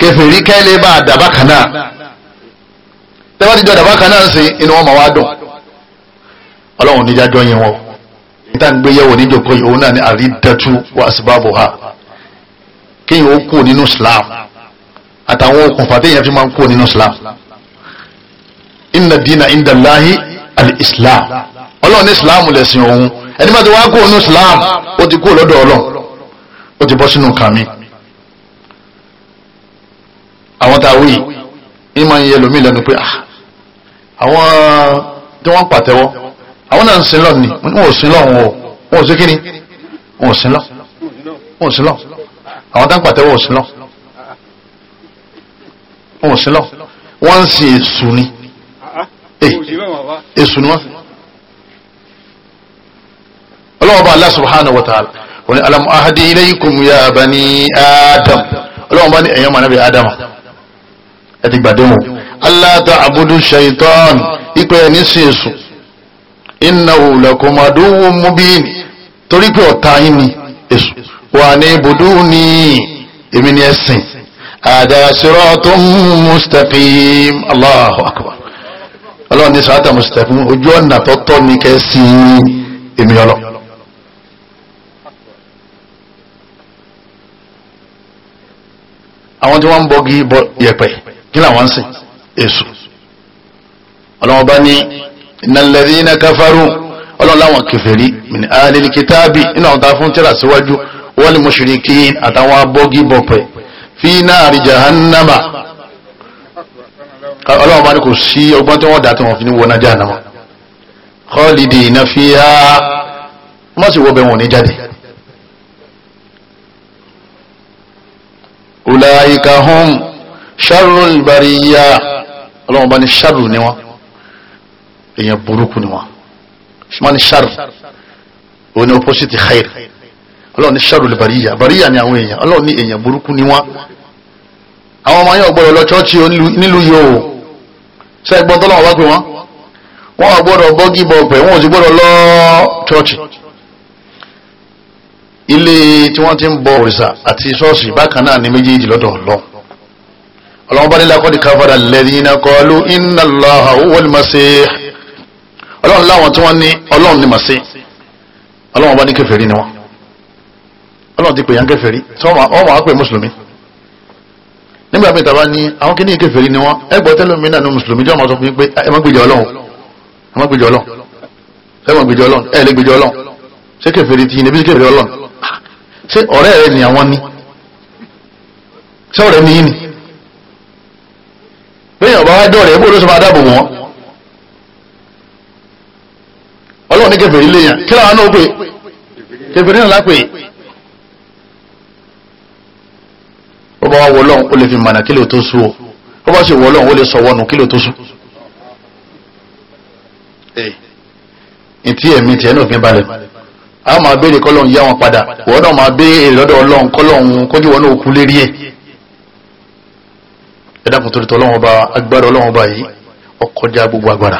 Speaker 1: kẹfẹ̀rí kẹ́lẹ́ bá dàbákanáà tẹ́wọ́n ti jọ dàbákanáà ń ṣe inú wọn máa dùn ọlọ́run níjájọ́ yẹn wọn níta ń gbé yẹ̀wò níjòkó yìí òun náà ní àrídẹ́tú wa asbabu ha kéèyàn ó kú nínú Islam àtàwọn okùnfà téèyàn fi máa ń kú nínú Islam inna dina inda Allahi al-Islam ọlọ́run ní Islam lẹ̀sìn òun ẹni bá ti wá kú nínú Islam ó ti kú lọ́dọ̀ ọlọ́run ó ti bọ́ sínú kàmí àwọn tá a wí ìmọ̀ ìyẹlòmí lẹ́nu pé ah, àwọn tí wọ́n pàtẹ́wọ́ àwọn náà ń sin lọ́ọ̀ ni wọ́n ò sin lọ́ọ̀ wọn o wọn ò sí kí ni wọn ò sin lọ́ọ̀ wọn ò sin lọ́ọ̀ àwọn tá ń pàtẹ́wọ́ wọn ò sin lọ́ọ̀ wọn ò sin lọ́ọ̀ wọ́n ń sin èṣù ni eh, èṣù ni wọ́n ọlọ́wọ́ bá Allah subhanahu wa ta'ala wọ́n ní alam ahadi ilaykum ya bani adam ọlọ́wọ́ bá ní ẹ̀yàn mọ̀ níbi adam ẹ̀ ti gbàdéwò Allah ta'budu shaitan ìpẹ́ ẹ̀ ní sin èṣù innahu lakum aduwwun mubin torí pé ọ̀tá yín ni èṣù wà ní ibùdó ní èmi ni ẹ̀sìn àdá siratun mustaqim Allahu akbar ọlọ́run ní sirata mustaqim ojú ọ̀nà tọ́tọ́ ní kẹ́sì èmi ọlọ́ àwọn tí wọ́n ń bọ́gi yẹ̀pẹ̀ kí làwọn ń sìn èṣù ọlọ́run bá ní innal ladhina kafaru ọlọ́run láwọn kèfèrí min ahlil kitabi iná ọ̀tá fún tíra síwájú wal mushrikin àtàwọn abọ́gí bọ̀pẹ̀ fi nari jahannama ọlọ́run bá ní kò sí ọgbọ́n tí wọ́n dá tí wọ́n fi ní wọ́n náà jahannama khalidina fiha wọ́n sì wọ́bẹ̀ wọn ní jáde ulaika bá ní sharru ni wọ́n èèyàn burúkú ni wọn ṣùgbọ́n ní ṣàrù òun ni opposite khair ọlọ́run ní ṣàrù lè bàríyà bàríyà ni àwọn èèyàn ọlọ́run ní èèyàn burúkú ni wọn àwọn ọmọ yẹn ọgbọ́dọ̀ lọ chọ́ọ̀chì nílùú yìí o ṣe ẹgbọ́n tọ́lọ́wọ́ wá pé wọ́n wọn ò gbọ́dọ̀ bọ́gì bọ̀gbẹ̀ wọn ò sì gbọ́dọ̀ lọ chọ́ọ̀chì ilé tí wọ́n ti ń bọ òrìṣà àti ṣọ́ọ̀ṣì bákan náà ni méjèèjì lọ́dọ̀ ọlọ́run ọlọ́run bá nílá kọ́ di lẹ́yìn iná kọ́ ló inna Allaha huwal masih ọlọ́run láwọn tí wọ́n ní ọlọ́run ní màsí ọlọ́run bá ní kèfèrí ni wọ́n ọlọ́run ti pè yàn kèfèrí tí wọ́n máa pè mùsùlùmí nígbà pé tàbá ní àwọn kìíní kèfèrí ni wọ́n ẹgbọ́ tẹ́lómi náà ní mùsùlùmí jọ́ máa sọ fún mi pé ẹ má gbèjọ ọlọ́run ẹ má gbèjọ ọlọ́run ẹ má gbèjọ ọlọ́run ẹ lè gbèjọ ọlọ́run ṣé kèfèrí ti ni àwọn ní ṣé ọ̀rẹ́ ni yín ni bẹ́ẹ̀ ọ̀bá ọlọ́run ní kẹfẹ̀rí léyàn kí láwọn náà pè kẹfẹ̀rí náà lápè ó bá wá wọ ọlọ́run ó lè fi mànà kí lè tó sú o ó bá sì wọ ọlọ́run ó lè sọ wọnù kí lè tó sú. ìtí ẹ̀mí tiẹ̀ náà fi balẹ̀ a máa béèrè kọ́lọ́run yá wọn padà wọ́n náà máa béèrè lọ́dọ̀ ọlọ́run kọ́lọ́run kọ́jú wọn náà kú lérí ẹ̀ ẹ̀dá kùtùrùtù ọlọ́run ọba agbára ọlọ́run ọba yìí ọkọjá gbogbo agbára.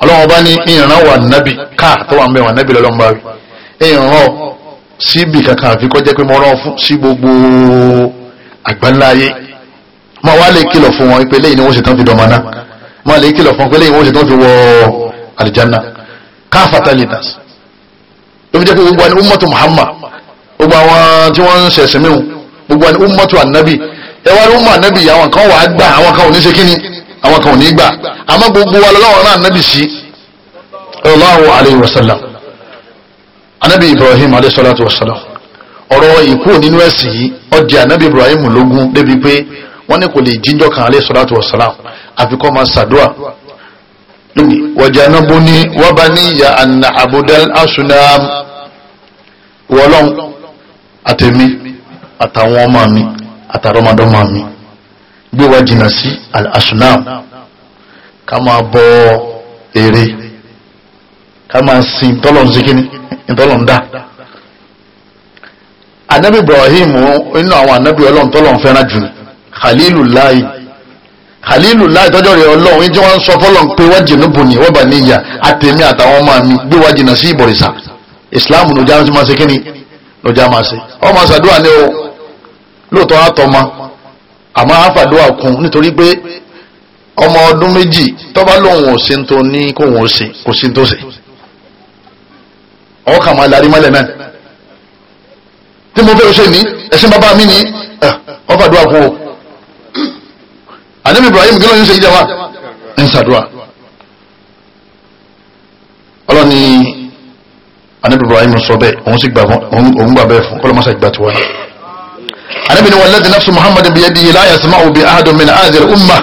Speaker 1: ọlọ́wọ́n bá ní ìran wà nábì káà tó wà ń bẹ wà nábì lọ́lọ́run bá wí ìran síbi kankan àfi kọjá pé mo rán fún sí gbogbo àgbáńláyé mo wá lè kìlọ̀ fún wọn ìpele yìí ni wọ́n ṣe tán fi dọ̀mọ́ náà mo lè kìlọ̀ fún ìpele yìí wọ́n fi wọ àlìjánná káfàtà litas ló fi jẹ́ pé gbogbo àni ummatu Muhammad gbogbo àwọn tí wọ́n ń ṣẹ̀ṣẹ̀ mìíràn gbogbo àni ummatu annabi ẹwà ni ummatu àwọn kan ò ní gbà àmọ́ gbogbo wa lọ́wọ́ náà nábì sí Allahu alayhi wa sallam anabi Ibrahim alayhi salatu wa sallam ọ̀rọ̀ ìkú nínú ẹ̀sìn yìí ọjà anabi Ibrahim lógún débi pé wọ́n ní kò lè jíjọ́ kan alayhi salatu wa sallam àfikọ́ máa ṣàdúrà lónìí wajanabuni wa baniya an na'budal asnam wọlọ́n àtẹ̀mí àtàwọn ọmọ mi àtàrọmọdọ́mọ mi gbé wa jìnà sí al-asunam ká máa bọ èrè ká máa sin tọ́lọ̀ ń sikini tọ́lọ̀ ń dá anabi ibrahim inú àwọn anabi ọlọ́run tọ́lọ̀ ń fẹ́ràn jù khalilullahi khalilullahi tọ́jọ́ rẹ̀ ọlọ́run ìjọ wọn sọ fọlọ́n pé wọ́n jìnnà bò ní wọ́n bá níyà àtẹ̀mí àtàwọn ọmọ mi gbé wa jìnà sí ìbọ̀rìṣà islam lójá máa ṣe kíni lójá máa ṣe ọmọ ṣàdúrà ni o lóòótọ́ àtọ́ máa àmọ́ àfàdúrà kún nítorí pé ọmọ ọdún méjì tọ́ba lòun ò ṣe ń tó ní kó òun ò ṣe kò sí tó ṣe ọkà máa larí mọ́lẹ̀ náà tí mo fẹ́ ṣe ní ẹ̀sìn bàbá mi ní ọfàdúrà kún o àdébí Ibrahim kí ló ń ṣe ìjàmbá ń ṣàdúrà ọlọ́ni àdébí Ibrahim sọ bẹ́ẹ̀ òun sì gbà bẹ́ẹ̀ fún kọ́lọ́mọ́sá ìgbà tiwọn anabi ni walladhi nafsu muhammadin biyadihi la yasma'u bi ahadin min hadhihi al-ummah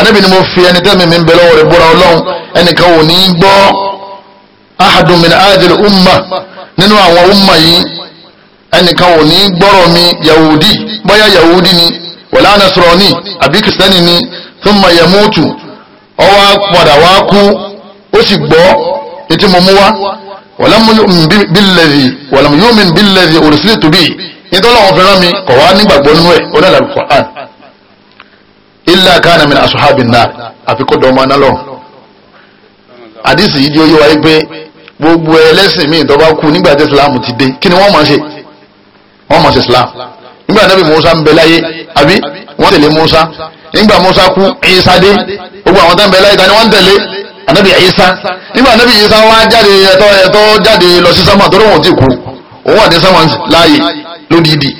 Speaker 1: anabi ni mo fi ẹni tẹ́mi mi ń bẹ lọ́wọ́ rẹ̀ búra ọlọ́run ẹnìkan ò ní gbọ́ ahadun min hadhihi al-ummah nínú àwọn umma yìí ẹnìkan ò ní gbọ́rọ̀ mi yahudi bóyá yahudi ni wala nasrani àbí kìsìtẹ́nì ni thumma yamutu ó padà wá kú ó sì gbọ́ etí mo mú wá walam yu'min billadhi walam yu'min billadhi ursiltu bihi nítorí àwọn obìnrin mi kọ̀ wá nígbàgbọ́ nínú ẹ̀ onílẹ̀ alukur'an ilé akáàna mi ní asuhabi náà àfikún dọ́mọ náà lọ́rùn àdìsí yìí di oyé wáyé pé gbogbo ẹlẹ́sìn míì tó bá kú nígbà tí islam ti dé kí ni wọ́n máa ṣe wọ́n máa ṣe islam nígbà nábì musa ń bẹ láyé àbí wọ́n tẹ̀lé musa nígbà musa kú isa dé gbogbo àwọn tó ń bẹ láyé ta wọ́n tẹ̀lé ànábì isa nígbà ànábì isa wá jáde ẹ̀tọ́ ẹ̀tọ́ jáde lọ sí sámà torí wọn ò tí kú òun àti sámà láàyè lódìdí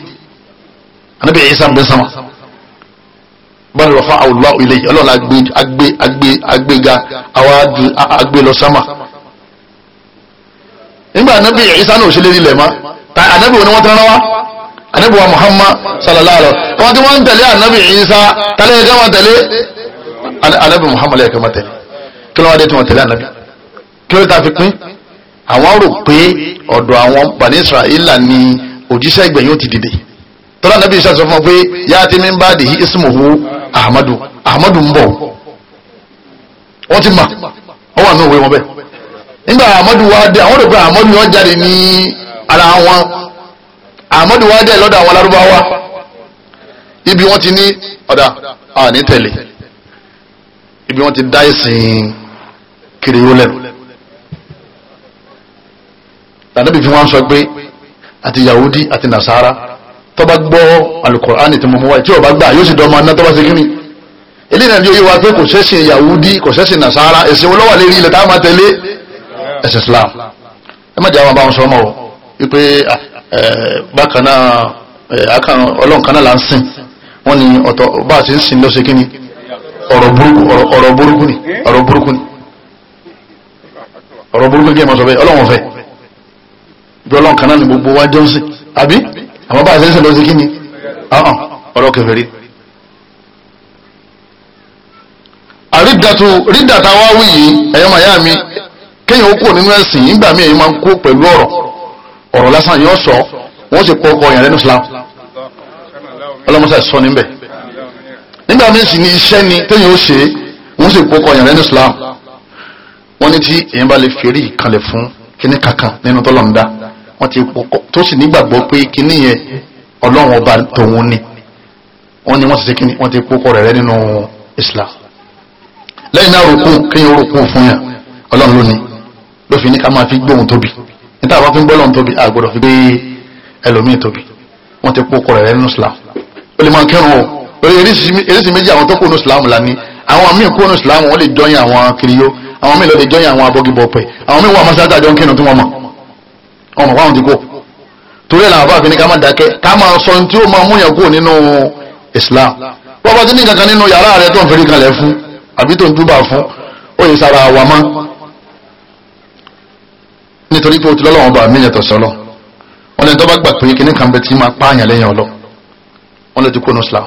Speaker 1: anabi isa ń bẹ sama báyìí wà fún àwòlá ilé yìí ọlọ́run agbé agbé agbéga àwa agbé lọ sama nígbà anabi isa náà ò ṣe lérí lẹ̀ ma ta anabi wo ni wọ́n tẹ́lẹ̀ wá anabi wa muhammad sallallahu alaihi wa sallam àwọn tí wọ́n ń tẹ̀lé anabi isa tẹ́lẹ̀ ẹ̀ka wọn tẹ̀lé anabi muhammad ẹ̀ka wọn tẹ̀lé kí ló wá tí wọ́n tẹ̀lé anabi kí ló ta fi pín àwọn rò pé ọ̀dọ̀ àwọn bani israẹla ni òjíṣẹ́ ìgbẹ̀yìn ó ti dìde tọ́lá nàbí iṣẹ́ sọ fún ọ pé yá ti mi ń bá dìhí ismuhu ahmadu ahmadu ń bọ̀ wọ́n ti mà ọ wà ní òwe wọn bẹ́ẹ̀ nígbà ahmadu wa dé àwọn òdòdó ahmadu yóò jáde ní ara wọn ahmadu wa dé lọ́dọ̀ àwọn alárúbáwá ibi wọ́n ti ní ọ̀dà àní tẹ̀lé ibi wọ́n ti dá ìsìn kiri yóò lẹ́nu tàbí fi wọ́n sọ pé àti yahudi àti nasara tó bá gbọ́ alukur'ani tí mo mú wáyé tí ó bá gbà yóò sì dọ́ ọmọ náà tó bá ṣe kíni ilé ìrìn àjò yìí wá pé kò ṣẹ̀sìn yahudi kò ṣẹ̀sìn nasara ẹ̀sìn olówó lérí ilẹ̀ táwọn máa tẹ̀lé ẹ̀sìn islam ẹ má jẹ́ àwọn abáwọn sọmọ o wípé bákan náà ọlọ́run kan náà là ń sìn wọ́n ní ọ̀tọ̀ bá a ti ń sìn ló ṣe kíni ọ̀rọ̀ burúkú ni ọ̀rọ̀ burúkú ni ọ̀rọ̀ burúkú kí ẹ máa sọ bẹ́ẹ̀ ọlọ́run fẹ́ jọlọ́n kan ni gbogbo wa jọ ń sìn àbí àwọn bá àṣẹ́sẹ̀ lọ sí kí ni ọ̀hún ọ̀rọ̀ kèfèrí àrídàtò rídàtà wá wí yìí ẹ̀yọ́ màyá mi kéèyàn ó kúrò nínú ẹ̀sìn nígbà míì èyí máa ń kó pẹ̀lú ọ̀rọ̀ ọ̀rọ̀ lásán yóò sọ wọ́n sì pọ̀ ọkọ̀ yẹn Islam ọlọ́mọṣà sọ níbẹ̀ nígbà míì sì ni iṣẹ́ ni téèyàn ó ṣe wọ́n sì pọ̀ ọkọ̀ yẹn lẹ́nu Islam wọ́n ní tí èyí bá lè fèrè ìkàlẹ̀ fún kíní kankan nínú tọ́lọ́mdá wọ́n ti pọ̀kọ̀ tó sì nígbàgbọ́ pé kíní yẹn ọlọ́run ọba tòun ni wọ́n ni wọ́n ti ṣe kíní wọ́n ti pọ̀kọ̀ rẹ̀ rẹ́ nínú Islam lẹ́yìn náà rúkú kéèyàn rúkú fún yàn ọlọ́run ló ní ló fi ní ká máa fi gbóhùn tóbi níta àwọn fi ń gbọ́lọ́run tóbi àgbọ̀dọ̀ fi gbé ẹlòmíì tóbi wọ́n ti pọ̀kọ̀ rẹ̀ rẹ́ nínú Islam ó lè máa kẹ́rùn o lórí eréṣì méjì àwọn tó kó nínú Islam lá ní àwọn míì kó nínú Islam wọ́n lè ọmọ fáwọn ti kó torí ẹ̀ làwọn bá fi ní ká má dákẹ́ ká máa sọ tí ó máa múyàn kó nínú Islam bọ́bá ti ní kankan nínú yàrá rẹ tó ń fẹ́rí kalẹ̀ fún àbí tó ń túbà fún ó yẹ sára wà mọ́ nítorí pé o ti lọ́lọ́wọ́n bá mi yàtọ̀ sọ́lọ́ wọn lè tó bá gbà pé kíní kan bẹ tí máa pààyàn lẹ́yìn ọlọ́ wọn lè ti kó nù Islam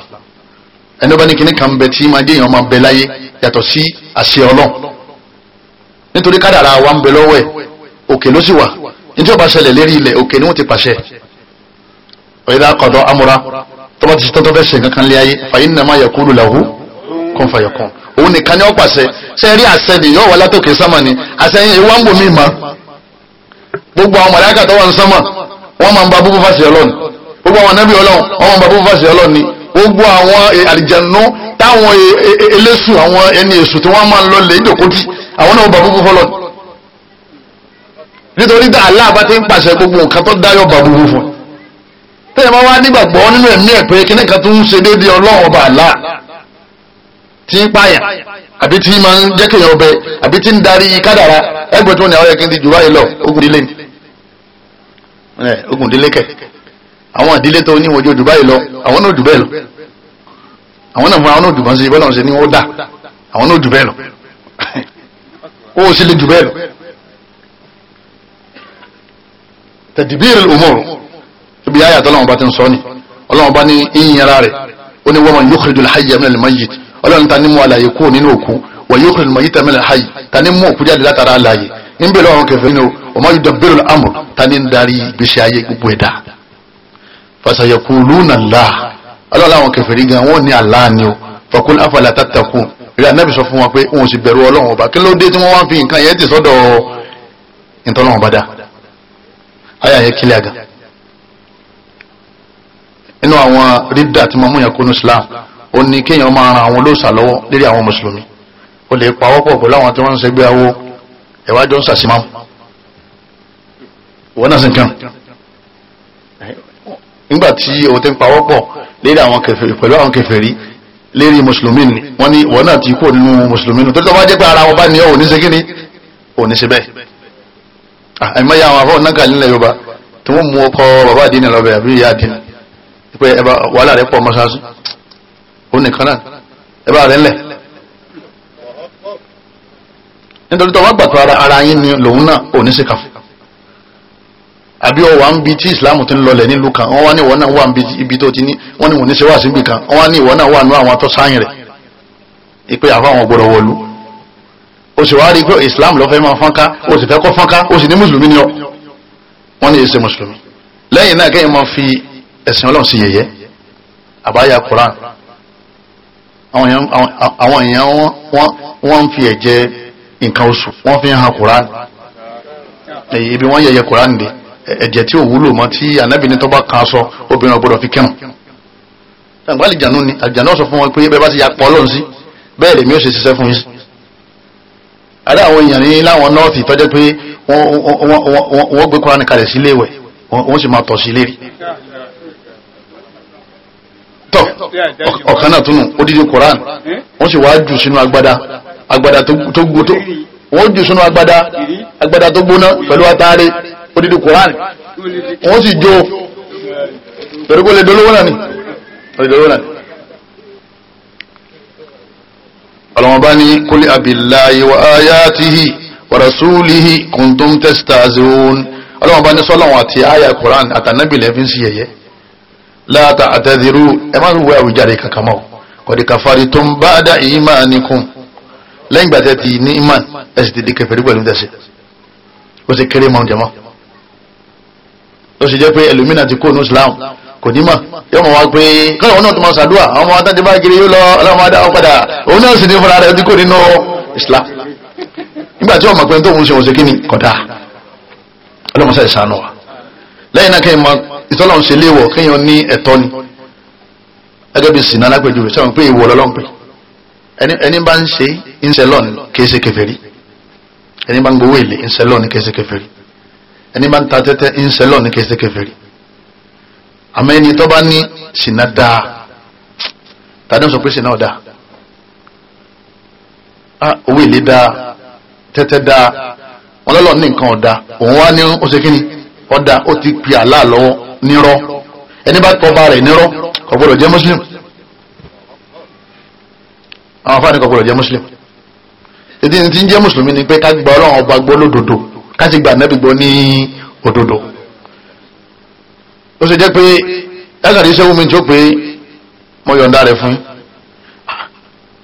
Speaker 1: ẹni bá ní kíní kan bẹ tí máa dé èèyàn máa bẹ láyé yàtọ̀ sí àṣẹ ọlọ́ nítorí kádàrá wa ń bẹ lọ́wọ́ ẹ̀ òkè ló sì wà ní tí ó bá ṣẹlẹ̀ lérí ilẹ̀ òkè ni wọ́n ti pàṣẹ ọ̀yẹ́dá kọ̀dọ̀ amúra tó bá ti ṣetán tó fẹ́ ṣe kankan lé ayé fàyín nàmá yakulu lahu kún fàyọkún òun nìkan ni ó pàṣẹ ṣe rí àṣẹ ni yóò wà látòkè sánmà ni àṣẹ yẹn ìwà ń bò mí ma gbogbo àwọn màláíkà tó wà ní sánmà wọ́n máa ń ba búbú fàṣẹ ọlọ́run gbogbo àwọn nábì ọlọ́run wọ́n máa ń ba búbú fàṣẹ ọlọ́run ni gbogbo àwọn e, àlìjànú táwọn e, e, eléṣù àwọn ẹni èṣù tí wọ́n máa ń lọ nítorí tá Allah bá ti ń pàṣẹ gbogbo nǹkan tó dáyọ̀ bá gbogbo fún un tẹ́yẹ̀ bá wá nígbàgbọ́ nínú ẹ̀mí ẹ̀ pé kíní kan tó ń ṣe déédéé ọlọ́run ọba Allah tí ń pààyàn àbí tí máa ń jẹ́ kéèyàn ọbẹ̀ àbí tí ń darí kádàrá ẹgbẹ́ tó ní àwọn ẹ̀kíndì jù báyìí lọ ogundílé ni ogundílé kẹ̀ àwọn ìdílé tó ní ojú jù báyìí lọ àwọn náà jù bẹ́ẹ̀ lọ àwọn náà fún àwọn náà jù kan sí bọ́lá tẹ̀dìbíìrì l'umur ibi ayé àtọ́lọ́wọ́n bá ti ń sọ ni ọlọ́wọ́n bá ní ìyìnra rẹ̀ ó ní wọ́n mọ̀ yóò kiri jùlọ hayya min al-mayyit ọlọ́run ta ni mú alàyè kúrò nínú òkú wọ́n yóò kiri mayyita min al-hayy ta ni mú òkú jáde látara alàyè ń bẹ̀rẹ̀ ọ̀run kẹfẹ́ nínú wa ma yudabbiru al-amr ta ni ń darí ìgbésí ayé gbogbo ẹ̀dá fasayaquluna Allah Aya yẹn kílẹ̀ àgà nínú àwọn rídà tí mamu yẹn kó ní islam ó ní kéèyàn máa ran àwọn olóòṣà lọ́wọ́ lérí àwọn mùsùlùmí ó lè pa wọ́pọ̀ pẹ̀lú àwọn tí wọ́n ń ṣẹgbẹ́ awó ẹ̀wájọ́ ń sàṣìmáàmù wọ́n náà sì ń kàn nígbà tí o ti ń pawọ́ pọ̀ lérí àwọn kèfèrí pẹ̀lú àwọn kèfèrí lérí mùsùlùmí ni wọ́n ní wọ́n náà ti kó nínú mùsùlùmí nù tó tọ́ bá jẹ́ pé ara wọn bá ní ọ̀ ní ṣe kíni ò ní ṣe bẹ́ẹ̀ àìmọ́ yà àwọn afọ́ náà nílẹ̀ yorùbá tí wọ́n mú ọkọ̀ bàbá àdínà lọ́bẹ̀ àbí ìyá àdínà pé ẹba wàhálà rẹ̀ pọ̀ mọ́sáàsì ó nìkan náà ẹba rẹ̀ ńlẹ̀ nítorí tó wọ́n gbàtọ́ ara ara yín ni lòun náà ò ní sí kàfù àbí ọwà ń bi tí ìsìláàmù ti ń lọlẹ̀ nílùú kan wọ́n wá ní ìwọ náà wà ibi tó ti ní wọ́n ní wọ́n ní ṣe wá kan wọ́n wá ní ìwọ náà wà nú àwọn tó rẹ̀ ìpè àfáwọn gbọ́dọ̀ wọlú o sì wá rí pé islam lọ́fẹ́ máa fọ́nká o sì fẹ́ kọ́ fọ́nká o sì ní mùsùlùmí ni ọ wọ́n ní èsì mùsùlùmí lẹ́yìn náà kẹ́yìn máa fi ẹ̀sìn ọlọ́run sí yẹ̀yẹ́ àbáyà Quran àwọn èèyàn wọ́n ń fi ẹ̀jẹ̀ nǹkan oṣù wọ́n fi ń ha Quran ibi wọ́n yẹ̀yẹ́ Quran dé ẹ̀jẹ̀ tí ò wúlò mọ́ tí ànábì ní tó kan aṣọ obìnrin ọgbọ́dọ̀ fi kírun àgbà ni àlìjànú sọ fún wọn pé bẹ́ẹ̀ bá ti yà pọ̀ ọlọ́run sí bẹ́ẹ̀ lèmi ó ṣe ṣiṣẹ́ fún yín àdá àwọn èèyàn ní láwọn nọ́ọ̀tì tọ́jẹ́ pé wọ́n gbé kúránì kalẹ̀ sí léwẹ̀ wọ́n sì máa tọ̀ lérí tọ́ ọ̀kan náà túnú odidi kúránì wọ́n sì wá jù sínú agbada agbada tó gbótó wọ́n jù sínú agbada agbada tó gbóná pẹ̀lú àtàrí odidi kúránì wọ́n sì jó torí kó lè dolówó náà ni ọlọ́mọba ní kúlẹ̀ abillahi wa ayatihi wa rasulihi kuntum tastahzi'un ọlọ́mọba ní sọ́lọ́wọ́n àti àyà Qur'an àtànábì lẹ́fín sí yẹyẹ la ta'tadhiru ẹ má wọ àwùjáde kankan mọ́ qad kafartum ba'da imanikum lẹ́yìn gbàtẹ́ ti ní iman ẹ sì ti di kèfèrí pẹ̀lú dẹ́sẹ̀ ó sì kéré mọ́ jẹ́mọ́ ó sì jẹ́ pé ẹlòmínà ti kó ní Islam kò ní mà yọmọ wa pé kọ́nà wọn náà tó máa ṣàdúrà àwọn ọmọ adájọ́ bá giri yóò lọ ọlọ́mọ adá padà òun náà sì ní fúnra rẹ̀ dínkù nínú Islam nígbà tí ọmọ pé tó ń ṣe òun ṣe kí ni kọ̀dá ọlọ́mọ sáré sànù wa lẹ́yìn náà kẹ́yìn máa ìtọ́lọ́ ń ṣe léèwọ̀ kéèyàn ní ẹ̀tọ́ ni gẹ́gẹ́ bí sinna alágbèjúwe sọ̀rọ̀ pé ìwọ lọ́lọ́ ń pè ẹni bá ń ṣe ìṣẹ̀lọ́ọ̀nì kìí ṣe àmọ́ ẹni tó bá ní ṣìnà dáa tàbí sọ pé ṣìnà ọ̀dà owó èlé dáa tẹ́tẹ́ dáa wọn lọ́lọ́ ní nǹkan ọ̀dà òun wá ní oṣù kínní ọ̀dà ó ti pè àlá nírọ́ ẹni bá tọ́ ba rẹ̀ nírọ́ kò gbọ́dọ̀ jẹ́ muslim àwọn afáàní kò gbọ́dọ̀ jẹ́ muslim ètí ti ń jẹ́ mùsùlùmí ni pé ká gba ọlọ́run ọba gbọ́ lódodo ká sì gba ànábì gbọ́ ní òdodo ó sì jẹ́ pé ẹ̀sàdì sẹ́wọ́n mi tí ó pé mo yọ̀ǹda rẹ̀ fún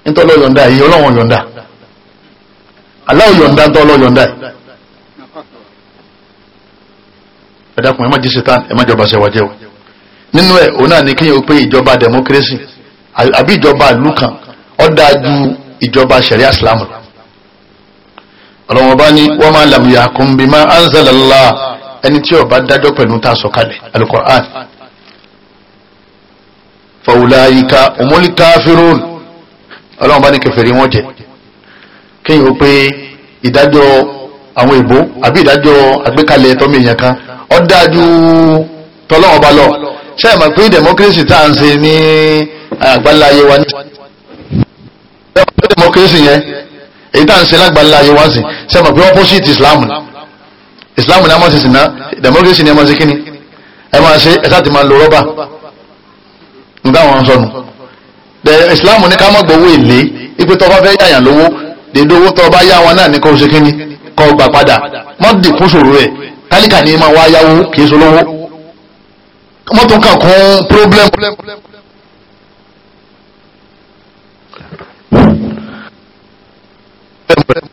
Speaker 1: nítọ́lọ́ yọ̀ǹda yìí ọlọ́run yọ̀ǹda aláwọ̀ yọ̀ǹda ntọ́lọ́ yọ̀ǹda ẹ̀dàkùn ẹ̀ má jí sítán ẹ̀ má jọba ṣẹwà jẹ́ o nínú ẹ̀ òun náà ní kíyàn ó pé ìjọba democracy àbí ìjọba ìlú kan ó dáa ìjọba sharia islam lọ
Speaker 2: ọlọ́run ọba ní wa ma lam yahkum bima anzalallah
Speaker 1: ẹni tí ó bá dájọ́ pẹ̀lú tá a sọ kalẹ̀ alukur'an fàwùláyíká umul kafirun ọlọ́run bá ní kèfèrí wọ́n jẹ kéyìn ó pé ìdájọ́ àwọn èbó àbí ìdájọ́ àgbékalẹ̀ tọ́mọ èèyàn kan ó dájú tọ́lọ́run bá lọ ṣe é mọ̀ pé democracy tá à ń ṣe ní àgbáńlá ayé wa ní democracy yẹn èyí tá à ń ṣe lágbàńlá ayé wa sí ṣe é mọ̀ pé opposite Islam ni islam ní a máa ṣe sìnà democracy ní a máa ṣe kíni ẹ máa ṣe ẹ sáà ti máa lo rọ́bà nígbà wọn sọnù islam ní ká má gbowó èlé ipe tó bá fẹ́ yàyàn lówó dédé owó tó bá yá wọn náà ní kó ṣe kíni kó gbà padà mọ́tì kún sòrò rẹ̀ kálíkà ní máa wá yáwó kì í ṣe olówó mọ́tò kà kún problem. Thank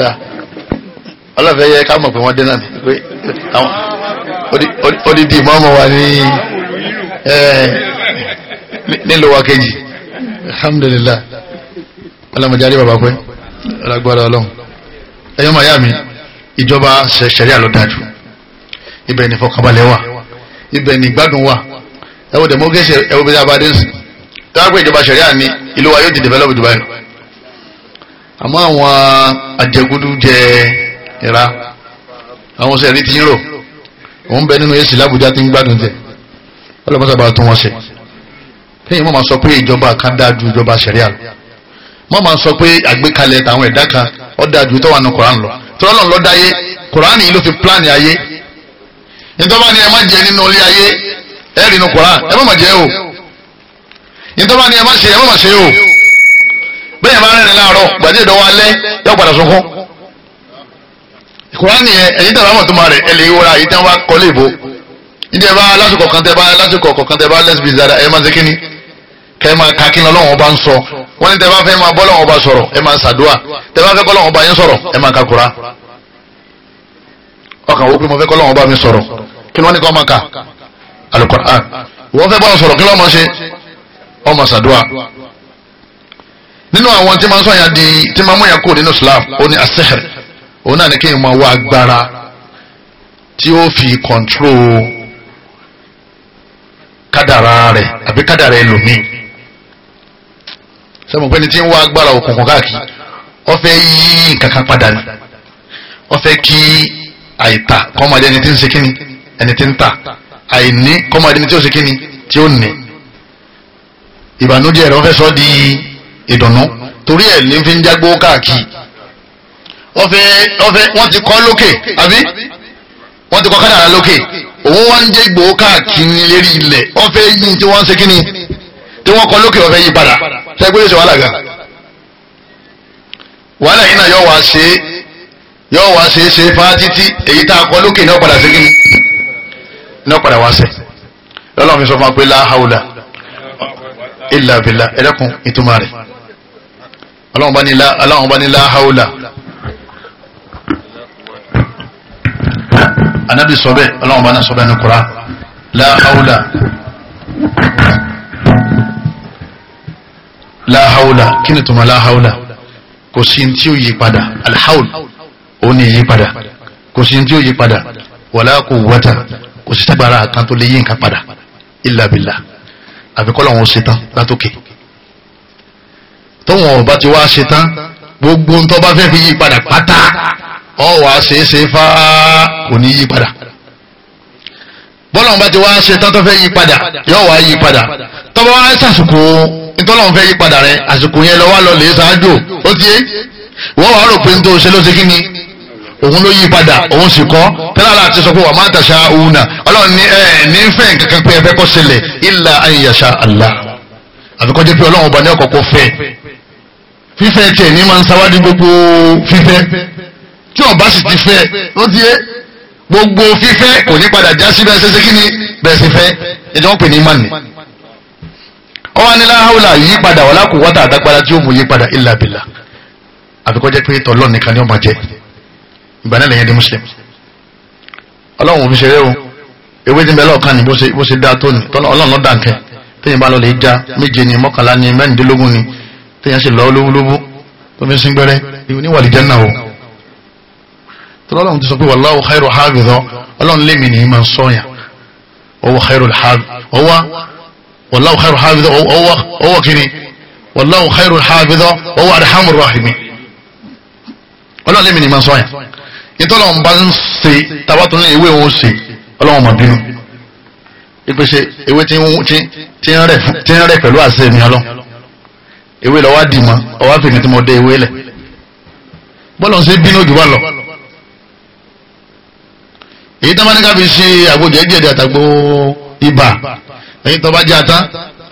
Speaker 1: dáadáa ọlọ́fẹ́ yẹ ká mọ̀ pé wọ́n dé náà pé àwọn odidi ìmọ̀ọ́mọ̀ wa ní nílùú wa kejì alhamdulillah ọlọ́mọdé adé bàbá pẹ́ ọlọ́gbọ́dọ̀ ọlọ́run ẹ̀yọ́ màyá mi ìjọba ṣẹ̀ṣẹ̀rí àlọ́dájú ibẹ̀ ni fọkànbalẹ̀ wà ibẹ̀ ni ìgbádùn wà ẹ̀wọ̀n dẹ̀mọ́gẹ́sẹ̀ ẹ̀wọ̀n bí i abadé ń sìn táwọn pé ìjọba ṣẹ̀rí à ní ìlú wa yóò ti develop Dubai àmọ́ àwọn ajẹgúdú jẹ ìra àwọn ṣe rí ti ń rò òun bẹ nínú èsì lábújá tí ń gbádùn jẹ ọlọ́mọsàbà tó wọ́n ṣe kéyìn mọ́ máa sọ pé ìjọba kan dáa ju ìjọba ṣẹ̀ríà lọ mọ́ máa sọ pé àgbékalẹ̀ tàwọn ẹ̀dá kan ó dáa ju tọ́wọ́ àna koran lọ tọ́lọ́ lọ dáyé koran yìí ló fi pílánì ayé ìtọ́ba ni ẹ má jẹ nínú ilé ayé ẹ rí inú koran ẹ má má jẹ o ìtọ́ba ni ẹ má ṣe ẹ má má ṣe o bẹ́ẹ̀ bá rìnrìn láàárọ̀ gbàdí ìdánwò alẹ́ yóò padà sunkún. kùránì yẹn ẹ̀yin tàbí àmọ̀ tó máa rẹ̀ ẹ̀ lè wọra èyí tí wọ́n bá kọ́ lè bò. ìdí ẹ bá lásìkò kan tẹ bá lásìkò kọ̀ọ̀kan tẹ bá lẹ́sìbì zara ẹ máa ṣe kíni kẹ́ ẹ máa ka kí lọ́wọ́ bá ń sọ wọ́n ní tẹ bá fẹ́ máa bọ́ lọ́wọ́ bá sọ̀rọ̀ wọ́n fẹ́ bá wọn sọ̀rọ̀ kí lọ́wọ́ máa ṣe ọmọ ṣàdúrà nínú àwọn tí máa ń sọ yẹn di tí máa mú yẹn kó nínú Islam ó ní asehir òun náà ní kí n máa wá agbára tí ó fi kọ̀ntró kádàrá rẹ̀ àbí kádàrá ẹlòmíì sẹ́mu pé ní tí ń wá agbára òkùnkùn káàkiri ó fẹ́ yí nǹkan kan padà ní ó fẹ́ kí àìta kọ́mọdé ẹni tí ń ṣe kíni ẹni tí ń ta àìní kọ́mọdé ẹni tí ó ṣe kíni tí ó ní ìbànújẹ́ rẹ̀ ó fẹ́ sọ di ìdùnnú torí ẹ̀ ní fi ń jágbó káàkiri wọ́n ti kọ́ lókè àbí wọ́n ti kọ́ kádàrá lókè òun wá ń jẹ́ ìgbòho káàkiri lérí ilẹ̀ wọ́n fẹ́ yí tí wọ́n ń ṣe kíni tí wọ́n kọ́ lókè wọ́n fẹ́ yí padà sẹ́gbẹ́ yóò ṣe wàhálà gan wàhálà yìí náà yóò wá ṣe yóò wá ṣe ṣe fá títí èyí tá a kọ́ lókè ní ọ̀padà ṣe kíni ní ọ̀padà wá ṣe lọ́lọ́run sọ fún wa pé láhàúlà ìlàbìlà ẹ̀dẹ́kun ìtumọ̀ rẹ̀ ọlọ́run bá ní láhàúlà anábì sọ bẹ́ẹ̀ ọlọ́run bá ní sọ bẹ́ẹ̀ ní kura láhàúlà láhàúlà kí ni tuma láhàúlà kò sí tí ó yí padà alhaul ó ní yí padà kò sí tí ó yí padà wàlá kò wọ́ta kò sí tágbára kan tó lè yí nǹkan padà illa billah àfikọ́lọ́run ó ṣetán látòkè. Okay tóun ọba ti wá ṣe tán gbogbo ń tọ́ba fẹ́ fi yí padà pátá ọ wàá ṣe é ṣe fá kò ní yí padà bọ́lá ọba ti wá ṣe tán tó fẹ́ yí padà yóò wá yí padà tọ́ba wá ṣàṣùkò ntọ́lọ́hún fẹ́ yí padà rẹ àsìkò yẹn lọ wá lọ lè ṣáájú ó ti wọ́n wàá rò pé ní tó ṣe ló ṣe kí ni òun ló yí padà òun sì kọ́ tẹ́lá láti sọ pé wà má tàṣà òunà ọlọ́run ní ẹ nífẹ̀ kankan pé ẹ fẹ́ kọ́ sílẹ̀ ilà ayẹyẹsà Allah àfikọ́jẹ́ pé ọlọ́run ọba ní ọkọ̀ kó fẹ́ fífẹ́ tiẹ̀ ní máa ń sáwádìí gbogbo fífẹ́ tí ọba sì ti fẹ́ ló ti yé gbogbo fífẹ́ kò ní padà já sí bẹ́ẹ̀ ṣẹṣẹ kí ni bẹ́ẹ̀ sì fẹ́ ẹjọ́ ń pè ní mánì. ọwọ́ nílá haúlà yí padà wọ́lá kò wọ́tà àdágbára tí ó mú yí padà ilà bìlà àfikọ́ jẹ́ pé tọ́lọ́ nìkan ni ó máa jẹ ìgbà náà lẹ́yìn muslim ọlọ́run òfin ṣeré o ewé ti ń bẹ lọ́ọ̀kan ni bó ṣe dá tó ni ọlọ́run lọ́ọ́ dà nkẹ́ téèyàn bá lọ lè já méje ni mọ́kànlá ni mẹ́rìndínlógún ni téèyàn sì lọ lówólówó tó fi sin gbẹrẹ níwàlì jẹ́nà o tọ́lọ́lọ́run ti sọ pé wallahu khairu hafidha ọlọ́run lèmi ní ìmọ̀ sọ́yà ọwọ́ khairu hafidha wallahu khairu hafidha ọwọ́ kìíní wallahu khairu hafidha ọwọ́ arhamur rahimin ọlọ́run lèmi ní ìmọ̀ sọ́yà ìtọ́lọ́run bá ń ṣe tabatun ewé òun ṣe ọlọ́run mọ̀ bínú ìpèsè ewé tí ń rẹ̀ pẹ̀lú àṣẹ mi ọlọ́run ewé lọ́wọ́ dì mọ́ ọwọ́ àfẹ̀mí tí mo dé ewé lẹ̀ bọ́lá ń ṣe bínú jù bá lọ. èyí tó bá ní ká fi ṣe àgbòjẹ́jẹ̀dẹ̀ àtàgbò ibà èyí tó bá jẹ́ ata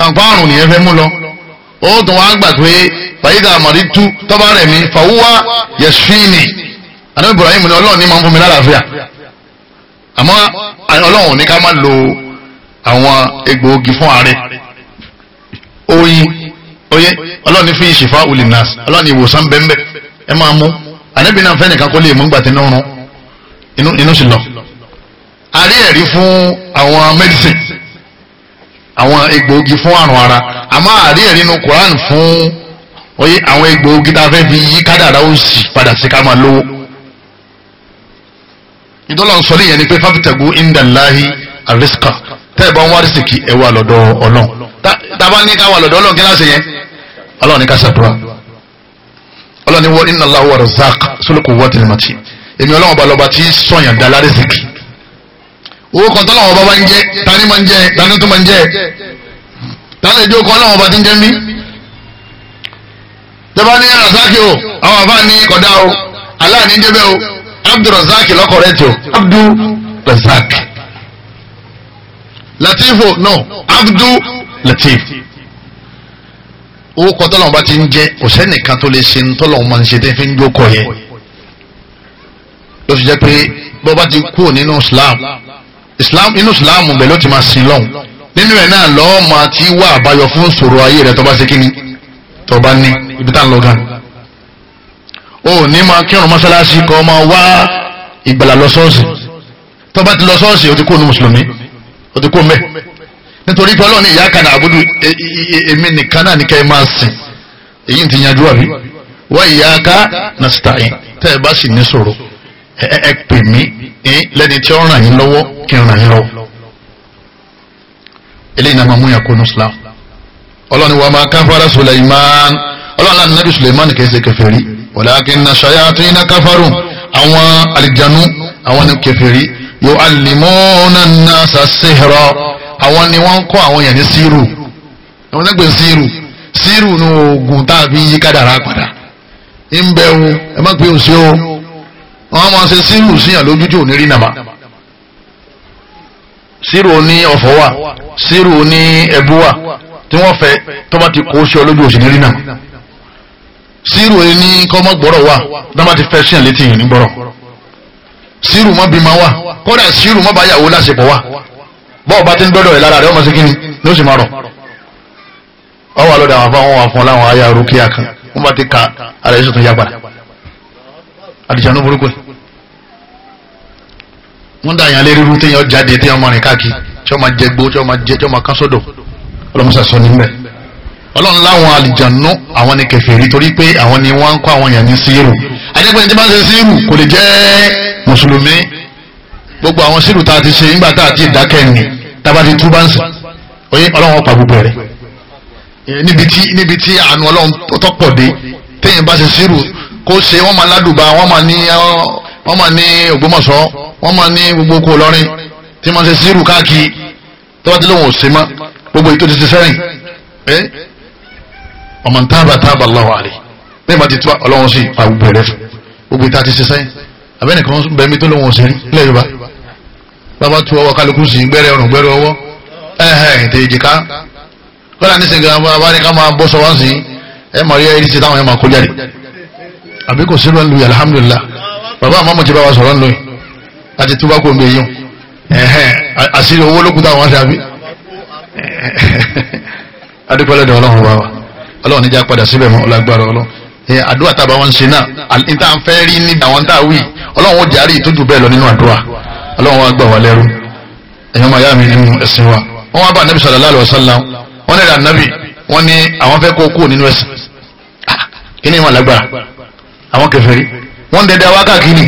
Speaker 1: àǹpá àrùn nìyẹn fẹ́ mú lọ ó tún wá gbà pé fàyídà àmọ̀rí tú tọ́ba rẹ̀ mi fàwúwá yẹ̀sùfínì àná Ibrahim ni ọlọ́run ní máa ń fún mi lálàáfíà àmọ́ ọlọ́run ní ká má lo àwọn egbòogi fún ààrẹ oyin oyé ọlọ́run ní fi ìṣèfà olè nas ọlọ́run ní ìwòsàn bẹ́ẹ̀ ẹ máa mú ànábì náà fẹ́ẹ́ nìkan kó lè mú gbàtẹ́ náà rún inú inú sì lọ. a rí ẹ̀rí fún àwọn medicine àwọn egbòogi fún àrùn ara àmọ́ a rí ẹ̀rí inú Quran fún oyé àwọn egbòogi tá a fẹ́ fi yí kádàrá ó sì padà sí ká máa lówó. ìdọ́lọ́ sọ ní ìyẹn ni pé fábítẹ̀gù indalahi ariska tẹ́ẹ̀bọ̀ ń wá rísìkì ẹ wá lọ́dọ̀ ọlọ́run tàbá ní ká wà lọ́dọ̀ ọlọ́run láṣẹ yẹn ọlọ́run ká ṣàdúrà ọlọ́run ní wọ́n inna Allahu razzaq sólùkù wọ́n ti màtí èmi ọlọ́run ọba lọ́ba tí sọ̀yàn dá lárísìkì owó kan tọ́lọ́run ọba bá ń jẹ tani máa ń jẹ tani tó máa ń jẹ tani ìjókòó ọlọ́run ọba ti ń jẹ mí tẹ́bá ní razaki o àwọn àbá ní kọ̀dá o aláàní jẹ́bẹ́ o Abdul Razak lọ́kọ̀ rẹ̀ tó Abdul Razak latifo no abdu latif owó kọ́ tọ́lọ́wọ́n bá ti ń jẹ́ kò sẹ́nìkan tó lè ṣe tọ́lọ́wọ́n máa ń ṣe tẹ́ fi ń gbókọ̀ yẹn ló fi jẹ́ pé bọ́ bá ti kú nínú islam islam inú islam bẹ̀ ló ti máa sin lọ́hùn nínú ẹ̀ náà lọ́ọ́ máa ti wá àbáyọ fún ṣòro ayé rẹ̀ tó bá ṣe kí ni tó bá ní ibi tá à ń lọ gan o ní máa kírun mọ́sálásí kọ́ máa wá ìgbàlà lọ sọ́ọ̀sì tó bá ti lọ sọ́ọ̀sì ó ti kú nínú mùsùlùmí o ti kó mẹ́ nítorí pé ọlọ́run ìyá kan àbúdú e, e, e, èmi nìkan náà nìkan ẹ máa sìn èyí ti yanjú àbí wọ́n ìyá ká nàṣítàyìn tẹ́ ẹ bá sì ní sọ̀rọ̀ ẹ pè mí lẹ́ni tí ó ràn yín lọ́wọ́ kí n ràn yín lọ́wọ́ eléyìí náà máa mú yàn kó ní islam wa máa káfárá Suleiman ọlọ́run àti nàbí Suleiman kì í ṣe kèfèrí walakinna shayatina kafaru àwọn àlìjánu àwọn kèfèrí yu'allimuna an-nasa as-sihra àwọn ni wọ́n kọ́ àwọn yẹn ní síìrù àwọn ẹgbẹ́ síìrù síìrù ní oògùn tá a fi yí kádàrá padà ń bẹ o ẹ má pé òsè o wọ́n máa ṣe síìrù síyàn lójú tí rí nàmà síìrù ní ọ̀fọ̀ wà síìrù ní ẹ̀bú wà tí wọ́n fẹ́ tó bá ti kó sí ọ òsì ní rí nàmà síìrù ní kọ́mọ́ gbọ́rọ̀ wà tó bá ti fẹ́ síyàn létí yìí ní gbọ́rọ̀ sírù mọ́ bímọ wa kódà sírù mọ́ báyàwó lásìkò wa bọ́ọ̀ bá ti ń dọ́dọ̀ ẹ̀ lára rẹ̀ ọmọ sí kíni ló sì máa rọ̀ ọwọ́ àlọ́dà àwọn afọ́ wọn wà fún láwọn ayé arúkíyà kan wọ́n bá ti ka ara ẹ̀sùn tó yá padà àdìjànú burúkú ẹ̀ wọ́n dà yàn lérí rúté yàn jáde tí wọ́n rìn káàkiri tí wọ́n máa jẹ gbó tí wọ́n máa jẹ tí wọ́n máa kán sódò ọlọ́mọsà ọlọ́run láwọn àlìjànú àwọn ni kèfèrí torí pé àwọn ni wọ́n ń kọ́ àwọn èèyàn ní síírù ajẹ́pẹ́ tí wọ́n ṣe síírù kò lè jẹ́ mùsùlùmí gbogbo àwọn síírù tá a ti ṣe nígbà tá a ti dákẹ́ ni tába ti tú bá ń sìn oyé ọlọ́run ọ̀pá gbogbo rẹ̀ níbi tí níbi tí àánú ọlọ́run tọ́pọ̀ dé téèyàn bá ṣe síírù kó ṣe wọ́n máa ládùbà wọ́n máa ní wọ́n máa ní Ògbómọ̀ṣọ́ wọ́n máa ní gbogbo okò lọ́rin tí wọ́n ṣe síírù káàkiri tọ́ba lóun ò ṣe mọ́ gbogbo ètò ti ṣe sẹ́yìn ọmọ ntaaba taaba Allahu alayhi lẹ́yìn bá ti tú ọlọ́run sí àwùjọ rẹ gbogbo ìta ti ṣiṣẹ́ abẹ́nìkan bẹ̀mí tó lóun ṣe rí lẹ́yìn bá bàbá tu ọwọ́ kálukú sí gbẹ́rẹ́ ọ̀rùn gbẹ́rẹ́ ọwọ́ ẹ̀hẹ̀ tèjì ká kọ́lá ní sìnkà bàbá ní ká máa bọ́ sọ wá sí ẹ mọ̀ rí ẹ rí ti táwọn ẹ máa kó jáde àbí kò sí lọ́nlu alhamdulillah bàbá àmọ́ ti bá wa sọ̀rọ̀ lóyún àti túbá kò mí yún ẹ̀hẹ̀ àṣírí owó lókùtà wọn ṣe àbí adúpẹ́lẹ́dẹ̀ ọlọ́run bá wa ọlọ́run níjà padà síbẹ̀ mọ́ ọlágbára ọlọ́run àdúrà tá a bá wọn ṣe náà níta ń fẹ́ rí níbi àwọn tá a wí ọlọ́run ó jàrí ìtújú bẹ́ẹ̀ lọ nínú àdúrà ọlọ́run wa gbà wá lẹ́rú ẹ̀yọ́ máa yá mi nínú ẹ̀sìn wa wọ́n wá bá anabi sallallahu alaihi wasallam wọ́n lè ra anabi ní àwọn fẹ́ kó kú nínú ẹ̀sìn ah, kí ni ìwọ̀n lágbára àwọn kèfèrí wọ́n dẹ̀dẹ̀ wákàkiri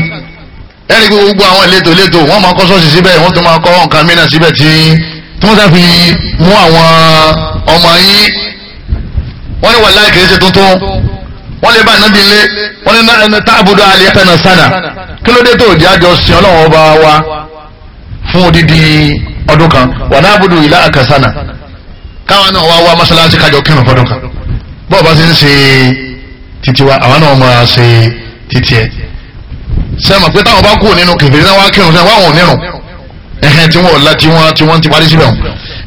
Speaker 1: ẹ̀rí wọ́n ní wàláhì kìí ṣe tuntun wọ́n lè bá ànábì lé wọ́n ní náà táàbùdó àlẹ́tẹ̀nà sánà kí ló dé tó jẹ́ àjọ sin ọlọ́run ọba wa fún odidi ọdún kan wà náà àbùdó ìlà àkàsánà káwọn náà wá wá mọ́ṣáláṣí kájọ kírun fọdún kan bọ́ọ̀ bá ti ń ṣe títí wa àwọn náà máa ṣe títí ẹ̀ sẹ́mọ̀ pé táwọn bá kú nínú kìfìrí náà wá kírun sẹ́mọ̀ wá wọn nírun ẹ̀hẹ́n tí wọ́n ọ̀la tí wọ́n ti parí síbẹ̀ wọn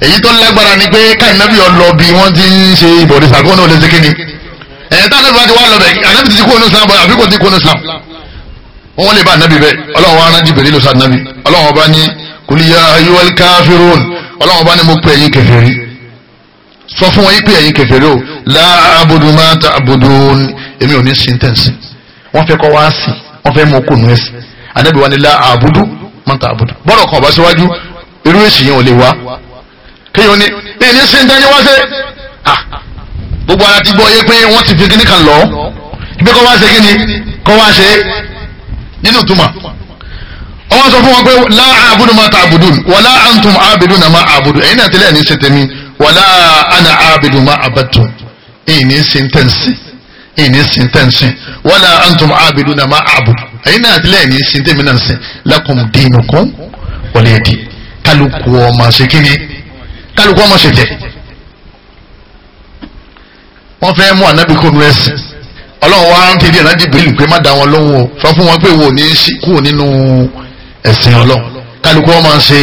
Speaker 1: èyí tó lágbára ni pé káyìn nábì ọlọ bí wọ́n ti ń ṣe ìbọ̀dẹ̀sà kó náà lè ṣe kíni ẹ̀yìn tá ànábì wá ti wá lọ bẹ̀ ànábì ti kó inú Islam bọ̀ àbí kò ti kó inú Islam wọ́n lè bá ànábì bẹ́ẹ̀ ọlọ́run wa rán Jibril lọ sí ànábì ọlọ́run ọba ní kùlìyà ayúwẹ́lì káfíròn ọlọ́run ọba ní mo pè ẹ̀yin kèfèrí sọ fún wọn yí pé ẹ̀yin kèfèrí o láàbùdù máa ta àbùdù èmi ò ní sin tẹ̀sí wọ́n fẹ́ kọ́ wá sí wọ́n fẹ́ mú okùn ẹ̀sì ànábì wa kéèyàn ne. èyí ní sèǹtẹ́ yẹn wá sí ah, gbogbo ara ti gbọ́ yé pé wọ́n ti fi kíní kan lọ ibi kọ́ wá ṣe kíni kọ́ wá ṣe nínú túmọ̀ ọwọ́ sọ fún wọn pé láà àbúdù máa ta àbùdù wàlá àǹtùm náà ní wàlá ní ní wàlá náà ní náà lakum kálukú ọmọ ṣe kálukú ọmọ ṣe jẹ wọ́n fẹ́ mú ànábì kó nu ẹ̀sìn ọlọ́run wa ń tẹ̀lé ànábì bílù pé má da wọn lóhùn o sọ fún wọn pé wò ní kúrò nínú ẹ̀sìn ọlọ́run kálukú ọmọ ṣe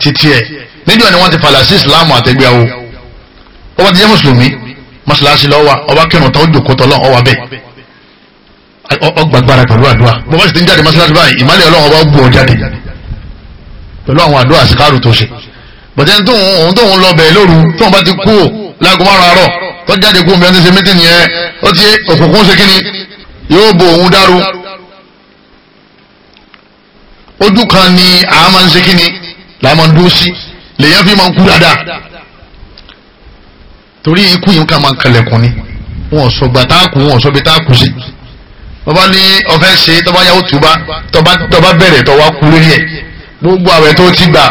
Speaker 1: títí ẹ̀ níjọ́ ni wọ́n ti falà sí ìsìláàmù o ọba ti jẹ́ mùsùlùmí mọ́ṣáláṣí lọ́wọ́ ọba kírun tó jòkó tọ́lọ́ ọwọ́ bẹ́ẹ̀ ọgbàgbára pẹ̀lú àdúrà bọ́bá sì ti ń jáde mọ́ṣáláṣí báyìí ìmálẹ̀ ọlọ́run ọba gbọ́ jáde pẹ̀lú àwọn àdúrà síkárù tó ṣe bọ̀tẹ́ tóun òun tóun lọ bẹ̀ lóru tóun bá ti kú láago márùn àárọ̀ tó jáde kú omi ẹni ṣe mítìnì yẹn ó ti òkùnkùn ṣe kíni yóò bo òun dáru ojú kan ni àá máa ń ṣe kíni làá máa ń dúró sí lèyàn fi máa ń kú dáadáa torí ikú yìí ká máa ń kalẹ̀kùn ni wọn sọ gbà tá a sọ bí tá sí bàbá ní ọ̀fẹ́ ṣe tọ́ba yà ó tọ́ba bẹ̀rẹ̀ tọ́wa kú lórí ẹ̀ gbogbo àwẹ̀ tó ti gbà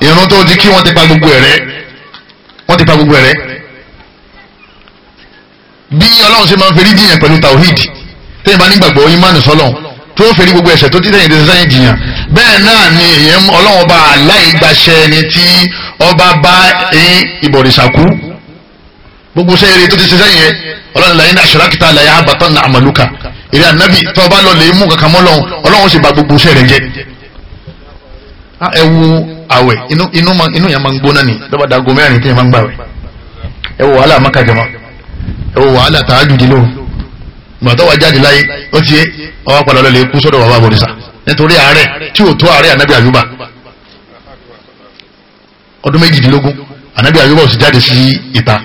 Speaker 1: ìrun tó ti kí wọ́n ti pa gbogbo ẹ̀rẹ́ wọ́n ti pa gbogbo ẹ̀rẹ́ bí ọlọ́run ṣe máa ń feri jiyàn pẹ̀lú tawhid tẹ́yìn bá nígbàgbọ́ ìmánì sọ́lọ́run tó feri gbogbo ẹ̀ṣẹ̀ tó ti tẹ̀yìn tẹ̀sán jiyàn bẹ́ẹ̀ náà ni èèyàn ọlọ́run ọba aláìgbàṣẹ ni tí ọba bá ìbọ̀rìṣàkú gbogbo sẹ́yìn tó ti ṣe sẹ́yìn yẹn ọlọ́run làyín náà ṣọ́lákìtà làyà àbàtàn náà àmàlùkà èrè ànábì tó bá lọ lè mú kankan mọ́ lọ́run ọlọ́run sì bà gbogbo sẹ́yìn rẹ̀ jẹ́ a ewu awe inu inu ma inu ya mangbona ni da ba da gome ani tin mangba we e wo wala maka jama e wo wala ta ajudi lo ma to wa jadi lai o ti e o wa pala lo le ku borisa ni tori are o to are anabi ayuba odun meji dilogun anabi ayuba o si jade si ita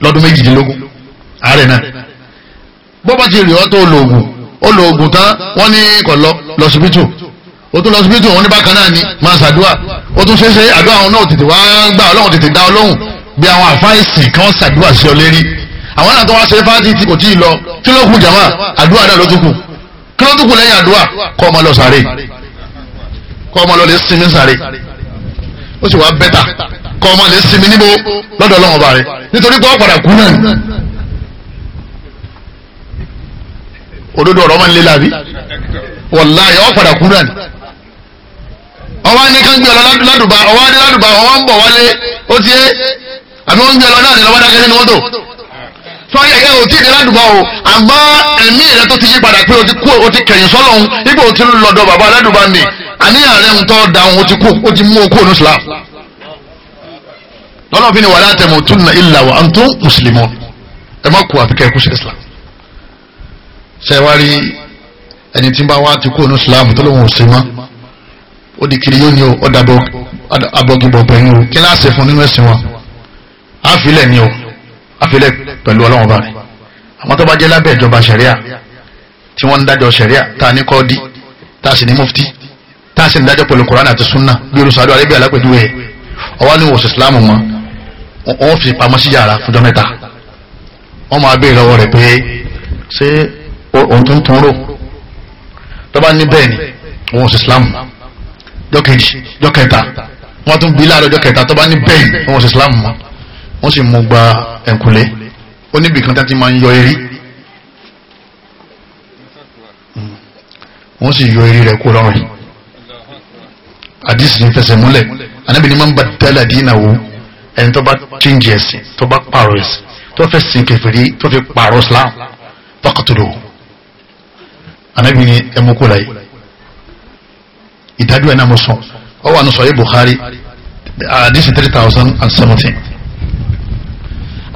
Speaker 1: lodun meji dilogun are na bo ba ti ri logun o logun ta won ni ko lo lo ó tún lọ sí bíìtì òun ní bákan náà ni máa ṣàdúrà ó tún ṣe é ṣe àdúrà àwọn náà tètè wá gbà ọlọ́run tètè dá ọlọ́run bí àwọn àfáìsìn kan ṣàdúrà sí ọ lérí àwọn náà tó wá ṣe fáàtì tí kò tí ì lọ kí ló kù jàmá àdúrà náà ló tún kù kí ló tún kù lẹ́yìn àdúrà kọ́ ọmọ lọ sàré kọ́ ọmọ lọ lè sinmi sàré ó sì wá bẹ́tà kọ́ ọmọ lè sinmi níbo lọ́dọ̀ ọlọ́run ọba wàláyé ó padà kú náà ọwọ́ ní kán gbé ọlọ ládùbà ọwọ́ adé ládùbà ọwọ́ ń bọ̀ wálé ó ti é àbí wọ́n ń gbé ọlọ náà nílọ́wọ́ dákẹ́ sínú mọ́tò tọ́yẹ̀ ẹ ò tí ì dé ládùbà o àmọ́ ẹ̀mí rẹ tó ti yí padà pé o ti kú o ti kẹ̀yìn sọ́lọ̀ ń ipò tí ń lọ́dọ̀ bàbá ládùbà nì àníyàn rẹ ń tọ́ da òun o ti kú o ti mú o kú òun Islam lọ́nà fi ni wàlá tẹ̀mọ̀tún illa wa antum muslimun ẹ má kú àfikẹ́ kú sí Islam ṣe wá rí ẹni tí ń bá wá ti Islam tó lóun ó di kiri yóò ní o ó da abọ́gibọ̀ pẹ̀lú o kí láàṣẹ fún nínú ẹ̀sìn wa àfilẹ̀ ni o àfilẹ̀ pẹ̀lú ọlọ́run bá rẹ̀ àwọn tó bá jẹ́ lábẹ́ ìjọba ṣẹ̀ríà tí wọ́n ń dájọ́ ṣẹ̀ríà tá a ní kọ́ọ́dí tá a sì ní mufti tá a sì ń dájọ́ pẹ̀lú koran àti sunna bí olùsàdó arábíà lápẹ̀dúwẹ̀ ọwọ́ ní wòsàn islam ma, wọn fi pamọ́ sí yàrá fúnjọ́ mẹ́ta wọ́n máa béèrè lọ́wọ́ rẹ̀ pé ṣé òun tó ń tún rò tó bá ní bẹ́ẹ̀ ni òun wòsàn islam jọ́kejì jọ́kẹta wọ́n tún bí láàárọ̀ jọ́kẹta tó bá ní bẹ́ẹ̀ wọ́n sì islam mọ́ wọ́n sì mú gba ẹ̀kúnlé ó níbi kan tán ti máa ń yọ eré wọ́n sì yọ eré rẹ̀ kó lọ́rùn àdìsí fẹsẹ̀ múlẹ̀ anábì ní máa ń bá tẹ́lẹ̀ àdínàwó ẹni tó bá chíńjì ẹ̀sìn tó bá pààrọ̀ ẹ̀sìn tó fẹ́ sin kẹfìrí tó fi pààrọ̀ islam tọkọtò lò anábì ní ẹmú kó láyé ìdájọ́ ẹ̀ náà mo sọ ọ wà ní sọ̀yẹ́ Bukhari àdìsí three thousand and seventeen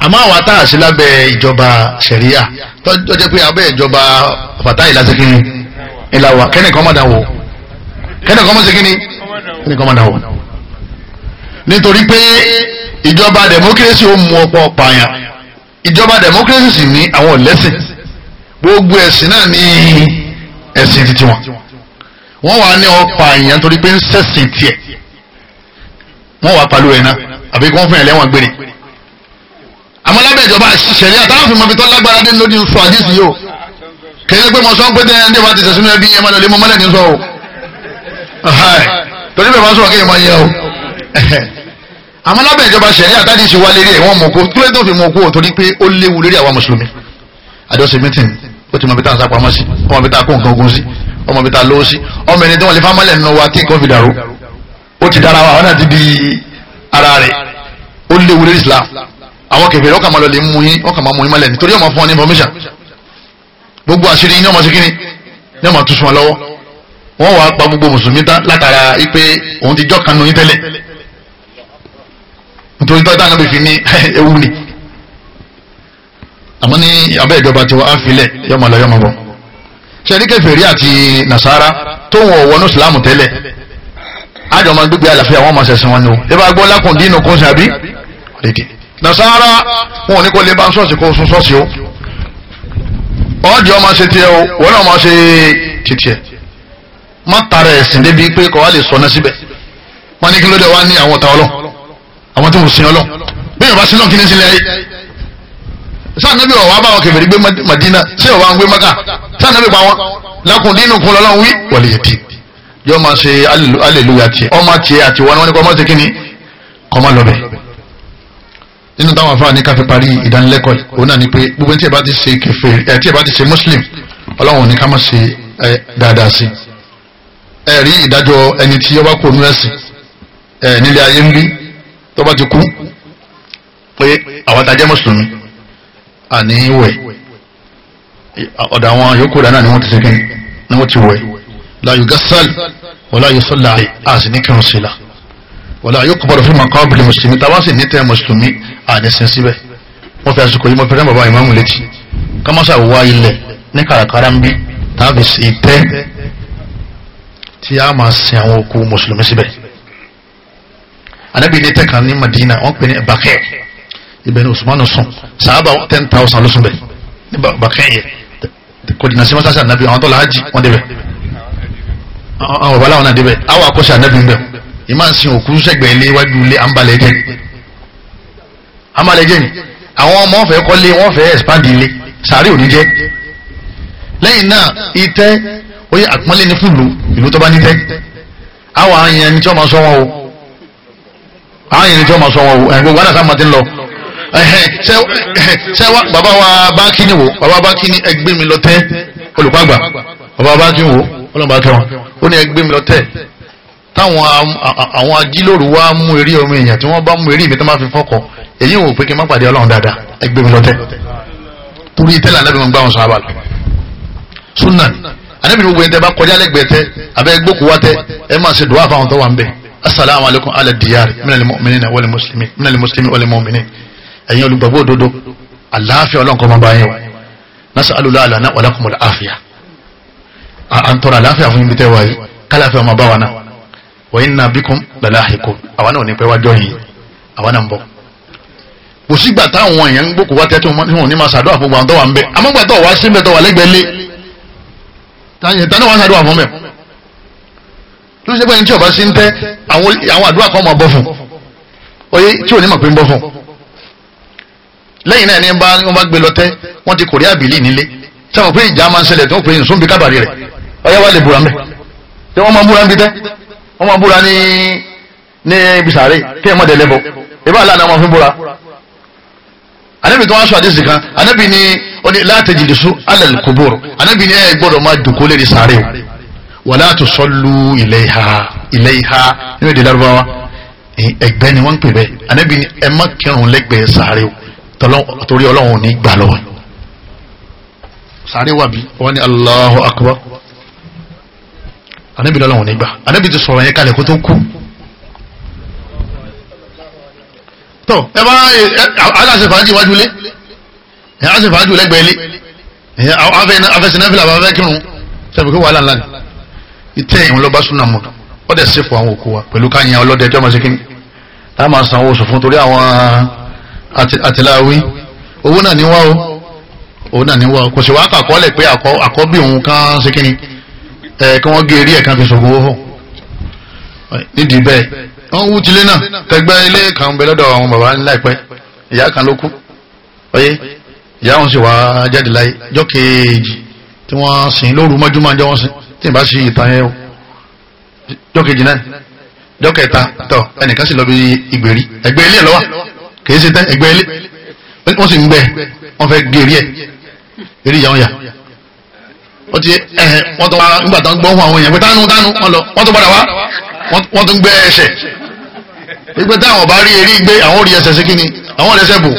Speaker 1: àmọ́ àwọn ata àṣì lábẹ́ ìjọba sẹ̀ríà tó jẹ́ pé abẹ́ ìjọba fàtáì lásìkínní ìlàwà kẹ́nìkan má dáwọ́ kẹ́nìkan má sẹ́kínní kẹ́nìkan má dáwọ́ nítorí pé ìjọba democracy ó mú ọ̀pọ̀ pààyàn ìjọba democracy sì ní àwọn ẹlẹ́sìn gbogbo ẹ̀sìn náà ní ẹ̀sìn títí wọn wọ́n wà ní ọ̀pá èèyàn torí pé ń sẹ̀sìn tiẹ̀ wọ́n wà pàlú ẹ̀ náà àbí kí wọ́n fún ẹ̀ lẹ́wọ̀n gbére àmọ́ lábẹ́ ìjọba ṣẹ̀rí àtàwọn fìmọ̀ fi tọ́ lágbára dé lórí nsọ àdìsí yìí o kéré pé mo sọ pé tẹ́lẹ̀ ndé bá ti sẹ̀sìn ẹbí yẹn máa lọ lé mo mọ́lẹ̀ ní sọ o torí bẹ́ẹ̀ bá sọ̀rọ̀ kéèyàn máa yẹ o àmọ́ lábẹ́ ìjọba ṣẹ̀rí àtàdìsí wa lérí ẹ̀ wọ́n mọ̀ kó tó lé tó fi mọ̀ kó torí pé ó léwu lórí àwa mùsùlùmí àdó ọmọ mi ta lówó sí ọmọ ẹni tí wọ́n lè fá mọ́lẹ̀ nínú wa tí nǹkan fi dàrú ó ti dára wa àwọn náà ti di ara rẹ̀ ó léwu lórí Islam àwọn kẹfẹ́ ọkà máa lọ lè mú yín ọkà máa mú yín mọ́lẹ̀ nítorí ọmọ fún ọ ní information gbogbo àṣírí yín ní ọmọ sikini ní ọmọ tuntun lọ́wọ́ wọ́n wàá pa gbogbo mùsùlùmí tán látara ipe òun ti jọ́ kanu yín tẹ́lẹ̀ nítorí tọ́ta náà bí ní ewu ni àmọ́ ní abẹ́ ìjọba tiwa á filẹ̀ yọmọ lọ yọmọ bọ̀ ṣẹ̀rí kèfèrí àti nasara, tó wọ̀ wọnú ìsìlámù tẹ́lẹ̀ àjọ máa gbégbé àlàáfíà wọn máa ṣẹ̀sìn wọn ni o ìbá gbọ́ lákùn dínú kún sàbí lédè nàṣàrà wọn ò ní kó lè bá ń ṣọ́ọ̀ṣì kó sun ṣọ́ọ̀ṣì o ọ̀ọ́dì ọmọ ṣe tiẹ̀ o wọn náà máa ṣe titiẹ̀ má tara ẹ̀sìn débi pé kò wá lè sọ náà síbẹ̀ wọn ní kí ló dé wá ní àwọn ọ̀tá ọlọ́ àwọn tó ń sin ọlọ́ bí yorùbá sin náà kí ní sílẹ̀ yìí sáà nàbí ọ̀wá bá wọn gbé madina sí ọ̀wá ń gbé maka sáà nàbí pa wọn lakùn dínú kún lọ́lọ́run wí wọlé yẹtì yóò máa ṣe aleluya tiẹ ọmọ tiẹ àti wọn ni wọn ni kọ́ ọmọ ṣe kíni kọ́ ọmọ lọ́bẹ̀ nínú táwọn afáà ní káfí parí ìdánilẹ́kọ̀ọ́ òun náà ni pé gbogbo tí ẹ bá ti ṣe kẹfẹ́ ẹ tí ẹ bá ti ṣe muslim ọlọ́run ní ká má ṣe ẹ dáadáa sí ẹ rí ìdájọ́ ẹni tí yọba kò nú ẹ̀sìn ẹ nílé ayé ń bí tọ́ba ti kú pé àwọn tá mùsùlùmí àní wẹ̀ ọ̀dà àwọn yòókù rẹ̀ ni wọ́n ti sẹ́kẹ́ ni wọ́n ti wẹ̀ láyò gásàlì wọ́n láyò sọ́là àti ní kírun sílá wọ́n láyò kọ́bọ̀dọ̀ fún màkà ọ̀bìlì mùsùlùmí tàbá sì ní tẹ́ mùsùlùmí àní sin síbẹ̀ wọ́n fi àsìkò yìí mọ́ fẹ́rẹ́ bàbá ìmáàmù létí kámásà wá ilẹ̀ ní kàràkàrà ń bí tàbí sí tẹ́ tí a máa sin àwọn òkú mùsùlùmí síbẹ̀ anábìíní tẹ́kàn ní Madina wọ́n pè ní bakẹ́ẹ̀ ibẹ̀ ni usman sùn sàábà ten thousand ló sùn bẹ̀ ní bàkẹ́ yẹ kò dìnnà sí mọ́sáàsì ànábì àwọn tó làájì wọ́n débẹ̀ àwọn bàbá làwọn náà débẹ̀ àwọn akọ́ṣẹ́ ànábì ń bẹ̀ ìmáà ń sin òkú sẹ́gbẹ̀ẹ́ ilé iwájú ilé àǹbalẹ̀ jẹ́ àǹbalẹ̀ jẹ́ ni àwọn ọmọ ọ̀fẹ́ kọ́lé wọ́n fẹ́ expand ilé sàárè òní jẹ́ lẹ́yìn náà itẹ́ ó yẹ àpọ́nlé ní fúlù ìlú tó bá ní tẹ́ àwọn àyàn tí wọ́n máa sọ wọn o àwọn tí wọ́n máa sọ wọn o ẹ̀ gbogbo àdàsá máa ti ṣẹ́wá bàbá wa báńkì ni wò bàbá báńkì ni ẹgbẹ́ mi lọ tẹ́ olùpàgbà bàbá báńkì wò ọlọ́mọba kẹwọn ó ní ẹgbẹ́ mi lọ tẹ́ táwọn àwọn ajílòrò wa mú eré ọmọ èèyàn tí wọ́n bá mú eré mi tó máa fi fọ́kọ̀ èyí ò pé kí n má pàdé ọlọ́run dáadáa ẹgbẹ́ mi lọ torí tẹ́lẹ̀ anábì wọn gbá wọn sọ abà lọ sunan anábì gbogbo ẹni tẹ bá kọjá lẹ́gbẹ̀ẹ́ tẹ abẹ́ gbókùwá tẹ ẹ máa ṣe dùwà fáwọn tó wà ń bẹ̀ asalaamualeykum ala diyar minali mu'minin wali muslimin minali muslimi wali mu'minin ẹ̀yin olùgbàgbọ́ òdodo àlàáfíà ọlọ́nkọ́ máa bá yẹn wà nasalula alana walakumul afiya a an tora lafiya fún ibi tẹ́ wáyé kálàfíà ọmọ bá wa náà wa inna bikum lalahikum àwọn náà ò ní pẹ́ wájọ́ yìí àwọn náà ń bọ̀ kò sígbà táwọn èèyàn ń gbókò wá tẹ́tí wọn ní máa ṣàdúrà fún gbàǹdọ́ wa ń bẹ amọ́gbàtọ̀ wá sí mẹ́tọ̀ wà lẹ́gbẹ̀ẹ́ lé tani wá ṣàdúrà fún mẹ́ tó ṣe pé ẹni tí ọba sí ń tẹ́ àwọn àdúrà kan máa bọ́ fún oye tí ò ní mọ̀ pé ń bọ́ fún lẹ́yìn náà ni wọ́n bá gbé lọ́tẹ́ wọ́n ti kò rí àbílí nílé sọ́wọ́n pé ìjà máa ń ṣẹlẹ̀ tó pé ìsúnbi kábàrí rẹ̀ ọyá wà lè búra mẹ́ tí wọ́n máa búra ń bí tẹ́ wọ́n máa búra ní ní ibisàárè kí ẹ mọ̀ tẹ́lẹ̀ ìbá àlànà wọn fún búra. anábì tí wọ́n aṣọ àdìsí kan anábì ni ó ní la tajlisu ala al-qubur anábì ni ẹ gbọ́dọ̀ máa dùkú lè sàárè o wala tusallu ilayha ilayha nínú èdè lárúbáwá ẹgbẹ́ ni wọ́n ń pè bẹ́ẹ̀ anábì ni ẹ má kírun lẹ́gbẹ̀ẹ́ sàárè o torí ọlọ́run ní gbà lọ́wọ́ sáré wà bí wọ́n ní Allahu Akbar anábì lọ́lọ́run ní gbà anábì ti sọ̀rọ̀ yẹn kalẹ̀ kó tó kú tọ́ ẹ bá aláṣẹ fàájì wájú lé ẹ aláṣẹ fàájì lẹ́gbẹ̀ẹ́ lé afẹsẹ̀nẹ́fìlà bá fẹ́ kírun sẹ́bi kó wàhálà ńlá ni ìtẹ́ ìwọ̀n lọ́ba súnà mọ́ ọ́ dẹ̀ sẹ́fọ̀ àwọn wa àtìláwí owó náà n'i wá o owó náà n'i wá o kò sì wá pé àkọ́bí òun kan ṣe kíni Ẹ kí wọ́n gé ẹ̀ kan fi ṣògo owó nídìí bẹ́ẹ̀ wọ́n wú tilé náà tẹgbẹ́ ilé kan bẹ lọ́dọ̀ àwọn bàbá ńlá ìpẹ́ ìyá kan ló kú ọyẹ ìyá wọn sì wá jáde láyé wọ́n sìn lóru mọ́júmọ́ sìn tí sí ìtàn yẹn o kejì náà kẹta tọ ẹnìkan sì lọ bí ìgbèrí ẹgbẹ́ ilé kìí ṣe tẹ́ ẹgbẹ́ ilé wọ́n sì ń gbẹ wọ́n fẹ́ gèrí ẹ̀ eré ìyá wọn yà wọ́n ti ẹ̀hẹ̀ wọ́n tó wá nígbà tó ń gbọ́ fún àwọn èèyàn pé tánú tánú wọn lọ wọ́n tó padà wá wọ́n tó ń gbẹ ẹsẹ̀ wípé táwọn ọba rí eré gbé àwọn orí ẹsẹ̀ sí kíni àwọn ọ̀lẹ́sẹ̀ bò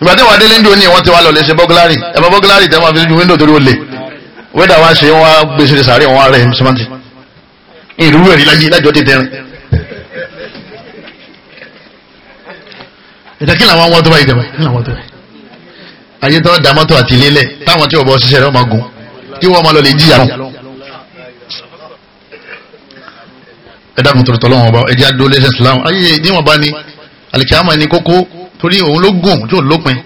Speaker 1: ìgbà tí wọ́n adé lẹ́ńdò ní wọ́n ti wá lọ lẹ́sẹ̀ bọ́gílárì ẹ̀fọ́ bọ́gílárì tẹ́ máa fi ju wíńdò torí ó le wá ṣe wọ́n á gbèsè sàárẹ̀ wọ́n á rẹ̀ símáǹtì ìrúwẹ̀rí lájọ́ tètè rìn ìjà kí làwọn wọn tó báyìí jẹba kí làwọn tó báyìí. ayé tó da mọ́tò àti ilélẹ̀ táwọn tí ọ̀bọ ṣiṣẹ́ rẹ̀ ọmọ gun kí wọ́n máa lọ lè jíyà lọ. ẹ dákun tòrótọ́ lọ́wọ́ ọba ẹ jẹ́ àdó lẹ́sẹ̀ Islam ayé níwọ̀n bá ní alikiyama ni kókó torí òun ló gùn tí òun lópin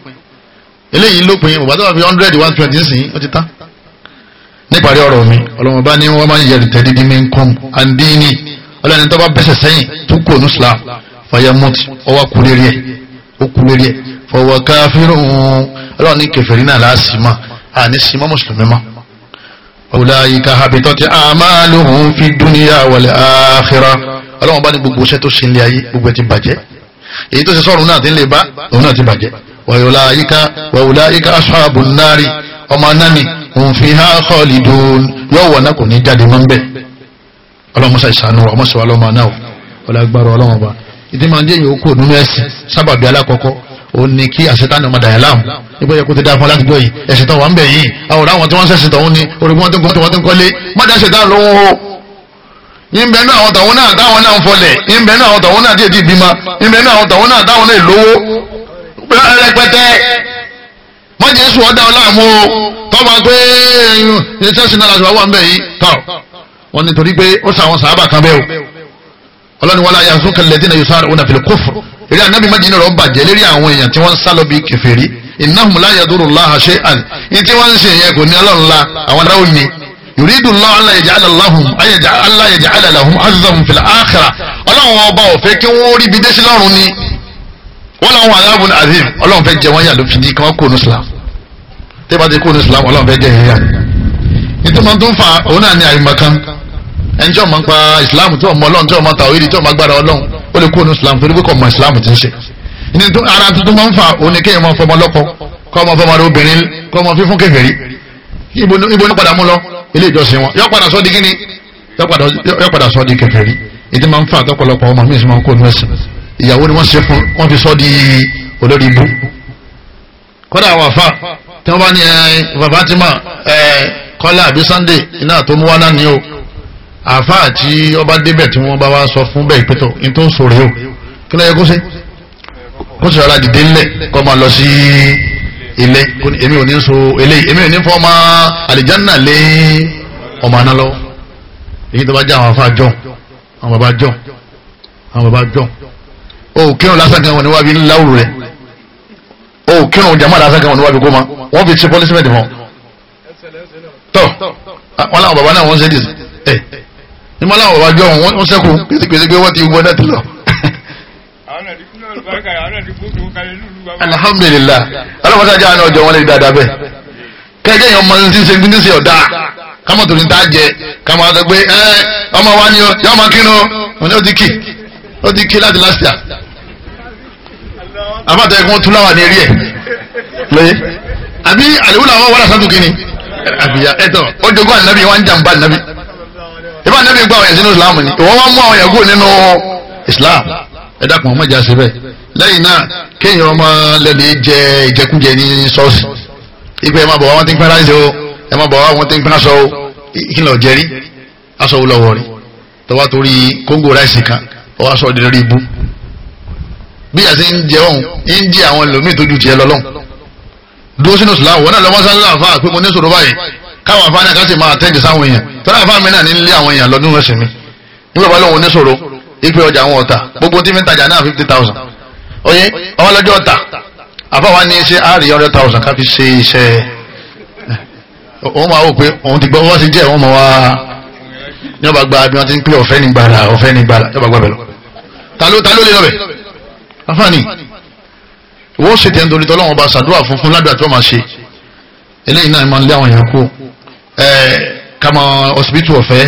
Speaker 1: eléyìí lópin òbá tó bá fi hundred one twenty sìn ó ti tán níparí ọ̀rọ̀ mi ọlọ́mọ bá ní wọ́n máa ń yẹ̀rì tẹ́lẹ̀ dín mí kún àndínní ọlọ́ni tó bá bẹ́sẹ̀ sẹ́yìn tó ó kú lérí ẹ̀ fọwọ́ káfírùn ọlọ́run ní kẹfẹ́rí náà láàsìmá àní sìmá mùsùlùmí mọ́ ọ̀làyíká habitat a'maluhum fi dunya wal akhirah ọlọ́run bá ní gbogbo iṣẹ́ tó ṣe ń lé ayé gbogbo ẹ̀ ti bàjẹ́ èyí tó ṣe sọ́run náà ti ń lè bá òun náà ti bàjẹ́ wọ̀yọ̀láyíká wọ̀wọ̀láyíká ashabun nari ọmọ nani òun fi há khalidun yóò wọ̀ náà kò ní jáde mọ́ ń bẹ̀ ọlọ́mọṣà ìsànú ọmọṣà ọlọ́mọ náà ọlọ́gbàrọ̀ ọlọ́mọba ìdí máa ń jẹ́yìn okò nínú ẹ̀sìn sábàbí alákọ̀ọ́kọ́ òun ni kí àṣetánì ọmọdé àyà láàmú nígbà yẹ kó ti dáa fún aláàtúgbò yìí ẹ̀sìn tán wà ń bẹ̀ yìí àwòrán àwọn tí wọ́n ń sẹ̀sìn tọ̀hún ni orúkọ wọn tó ń kọ́ tó wọ́n tó ń kọ́lé mọ́tà ṣètàn lówó o ìbẹ̀ náà àwọn tọ̀hún náà táwọn náà ń fọlẹ̀ ìbẹ̀ náà àwọn tọ̀hún náà díẹ̀ díẹ̀ bímọ ìbẹ̀ àwọn tọ̀hún náà táwọn náà lówó rẹpẹtẹ mọ́tà yẹn sùn ọ́dà ọláàmú o tọ́ba pé ẹ̀yìn ẹ̀sìn náà làṣọ àwọn bẹ̀ yìí tọ̀ wọ́n nítorí pé ó sàwọn sàábà kan bẹ́ẹ̀ o ọlọ́ni wàlá yàtún kàlẹ́dínà yusari'una fil kufr eré anábì májìnnì rọ̀ bàjẹ́ lérí àwọn èèyàn tí wọ́n ń sálọ bíi kèfèrí innahum la yadurullaha shay'an ní tí wọ́n ń ṣe yẹn kò ní ọlọ́run la àwọn ará òní yuridu Allahu an yaj'ala lahum an yaj'ala lahum azizahum fil akhirah ọlọ́run ọba ò fẹ́ kí wọ́n rí bidé sí lọ́run ni wọ́n làwọn aláàbùn azim ọlọ́run fẹ́ jẹ wọ́n yà ló ẹni tí ọmọ ń pa islam tí ọmọ ọlọ́run tí ọmọ tàwídì tí ọmọ agbára ọlọ́run ó lè kó onú islam torí pé kò mọ islam ti ń ṣe ní tó ara tuntun máa ń fa oníkéyìn máa fọmọ lọ́kọ kọ́ ọmọ fọmọ rẹ obìnrin kọ́ ọmọ fífún kékeré ibo ní padà mú lọ ilé ìjọsìn wọn yọ padà sọ di kíni yọ padà sọ di kékeré ètò máa ń fa àtọkọlọpọ ọmọ míì sì máa ń kó onú ẹsìn ìyàwó ni wọ́n ṣe fún wọ́n fi sọ di olórí ibú kódà àwọn àfa tí wọ́n bá kọ́lá àbí sunday iná tó mú wá náà ní o àfáà tí ọba débẹ̀ tí wọ́n bá wá sọ fún bẹ́ẹ̀ ìpẹ́tọ̀ ní tó ń sòrè o kí lẹ́yẹ kó ṣe kó sì rárá dìde ńlẹ̀ kó máa lọ sí ilé èmi ò ní so eléyìí èmi ò ní fọ́ ọmọ àlìjánà lé ọmọ aná lọ́wọ́ èyí tó bá jẹ́ àwọn àfáà jọ àwọn bàbá jọ àwọn bàbá jọ o kírun lásán kan wọn ni wọ́n fi ń láwùrù o kírun jàmọ́ lásán kan wọn ni wọ́n fi kó ma wọ́n fi ṣe pọ́lísímẹ̀tì fún tọ́ wọn làwọn bàbá náà wọ́n ṣe dì ní mọ́lá àwọn ọ̀bájọ́ wọn wọ́n sẹ́kù pèsèpèsè pé wọ́n ti wọ́n dẹ́tì lọ. alhamdulillah alamọ́sá jẹ́ àwọn ọjọ́ wọn lè dáadáa bẹ́ẹ̀ kẹ́kẹ́ yẹn ọmọ ní ti ṣe ní ṣe ọ̀dà kámọ́ tó ní ta jẹ kámọ́ àti pé ẹ ọmọ wa ni yọ ọmọ kí ni o ní o ti kì o ti kì láti last year àbátẹ kí tún láwà ní eré ẹ̀ lóye àbí àlewúlà wọn wọ́n lásán tó kí ni àbíyá ẹ̀tọ́ ó jogún ànábì ìbá nẹ́bí gba àwọn yẹn sínú islam ni ìwọ́n wá mú àwọn yẹn kú nínú islam ẹ dákun ọmọ ìjà síbẹ̀ lẹ́yìn náà kéèyàn ọmọ lẹ́bi jẹ ìjẹkújẹ ní ṣọ́ọ̀ṣì ipe ẹ máa bọ̀ wá wọn ti ń pẹ́ láìsí o ẹ máa bọ̀ wá wọn ti ń pẹ́ aṣọ o ìkìlọ̀ jẹ́rí aṣọ wò lọ́wọ́ rí tọ́wá torí kóńgò ráìsì kan ọwọ́ aṣọ òdìrí rí ibú bí àti ń jẹ ọ̀hún ń jẹ àwọn ẹlòmíì tó ju tiẹ̀ dúró sínú sùláwọ̀ náà lọ́mọ́sán láàfáà pé mo ní sọ̀rọ̀ báyìí káwọn afáàní kan sì máa tẹ́ǹdì sáwọn èèyàn tọ́lá afáàmì náà ní lé àwọn èèyàn lọ́dún ẹ̀sìn mi nígbà bá lóun oníṣòro ìpè ọjà àwọn ọ̀tà gbogbo tí mi ń tajà náà fifty thousand oye ọwọ́ lọ́jọ́ ọ̀tà àfáwa ní ṣe àárí hundred thousand ká fi ṣe iṣẹ́ òun máa wò pé òun ti gbọ́ wọ́n ti jẹ́ òun mọ̀ wá ní ọba gba bí wọ́n ti ń pè ọ̀fẹ́ ní gbàrà ọ̀fẹ́ ní gbàrà ní ọba gba bẹ̀ lọ. ta ló eléyìí náà máa ń lé àwọn èèyàn kú kama ọsibítù ọ̀fẹ́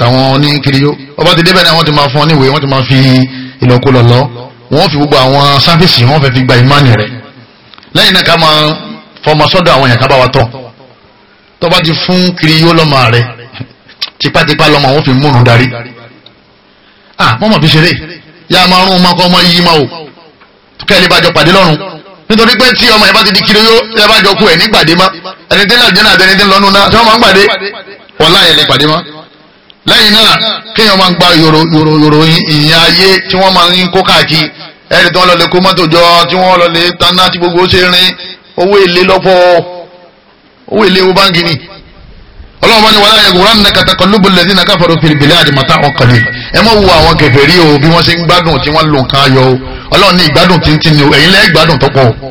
Speaker 1: tàwọn ní kiri yó ọba ti débẹ̀ náà wọ́n ti máa fún ọ níwèé wọ́n ti máa fi ìlọ́kulọ̀ lọ wọ́n fi gbogbo àwọn sáfíìsì wọ́n fẹ́ fi gba ìmánì rẹ̀ lẹ́yìn náà ká máa fọmọ sọ́dọ̀ àwọn èèyàn ká bá wa tọ̀ tọ́ba ti fún kiri yó lọ́mọ rẹ̀ tipátipá lọ́mọ wọ́n fi múnú darí ah mọ́mọ́ fi ṣeré yá máa rún ọmọ kọ́ ọmọ yìí máa o kẹ́lẹ́ bá jọ pàdé lọ́rùn nítorí pé tí ọmọ ìbá ti di kiri yó ẹ bá jọ kú ẹ ní gbàdé má ẹni tí ń làjẹ́ náà àtẹni tí ń lọ́nu náà tí wọ́n máa ń gbàdé wọ́n láyẹ̀ lè gbàdé má. lẹ́yìn náà kéèyàn máa ń gba yòrò yòrò yòrò ìyìn ayé tí wọ́n máa ń kó káàkiri tí wọ́n lọ lè kó mọ́tò jọ tí wọ́n lọ lè tí gbogbo ṣe rin owó lọ́pọ̀ owó ẹ mọ̀ wo àwọn kèfèrí o bí wọ́n ṣe ń gbádùn tí wọ́n lò nǹkan ayọ̀ o ọlọ́run ní ìgbádùn tíntín ni o ẹ̀yin lẹ́yìn gbádùn tọ́pọ̀ o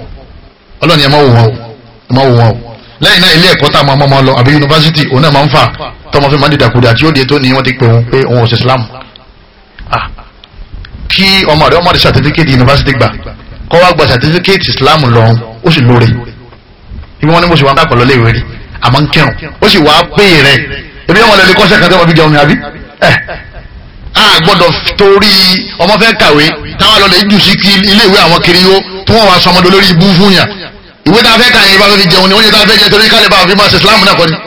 Speaker 1: ọlọ́run ẹ mọ̀ wò wọ́n ẹ mọ̀ wò wọ́n o lẹ́yìn náà ilé ẹ̀kọ́ tá a máa mọ́mọ́ lọ àbí yunifásitì òun náà máa ń fà tọmọ fi máa ń tí ó di ètò ni wọ́n ti pè òun pé òun ò sí Islam ah, kí ọmọ rẹ ọmọ rẹ certificate yunifásitì gbà kọ́ wá gba certificate Islam lọ ó sì lóore ibi wọn ni mo sì wá ń kàkọ́ lọ léèwé rí àmọ́ ń kírun ó sì wá pè rẹ̀ ebi ọmọ rẹ lè kọ́ sẹ́kàn tó fi jẹun ni àbí eh, a gbọ́dọ̀ torí ọmọ fẹ́ kàwé táwọn lọ́lẹ̀ jù sí ilé ìwé àwọn kiri yó tí wọ́n wá sọmọdé lórí ibú fún yàn ìwé tá a fẹ́ kà yẹn ìbáfẹ́ fi jẹun ni oúnjẹ tá a fẹ́ jẹ torí kálíbà àfi máa ṣe islam náà kọ́ ni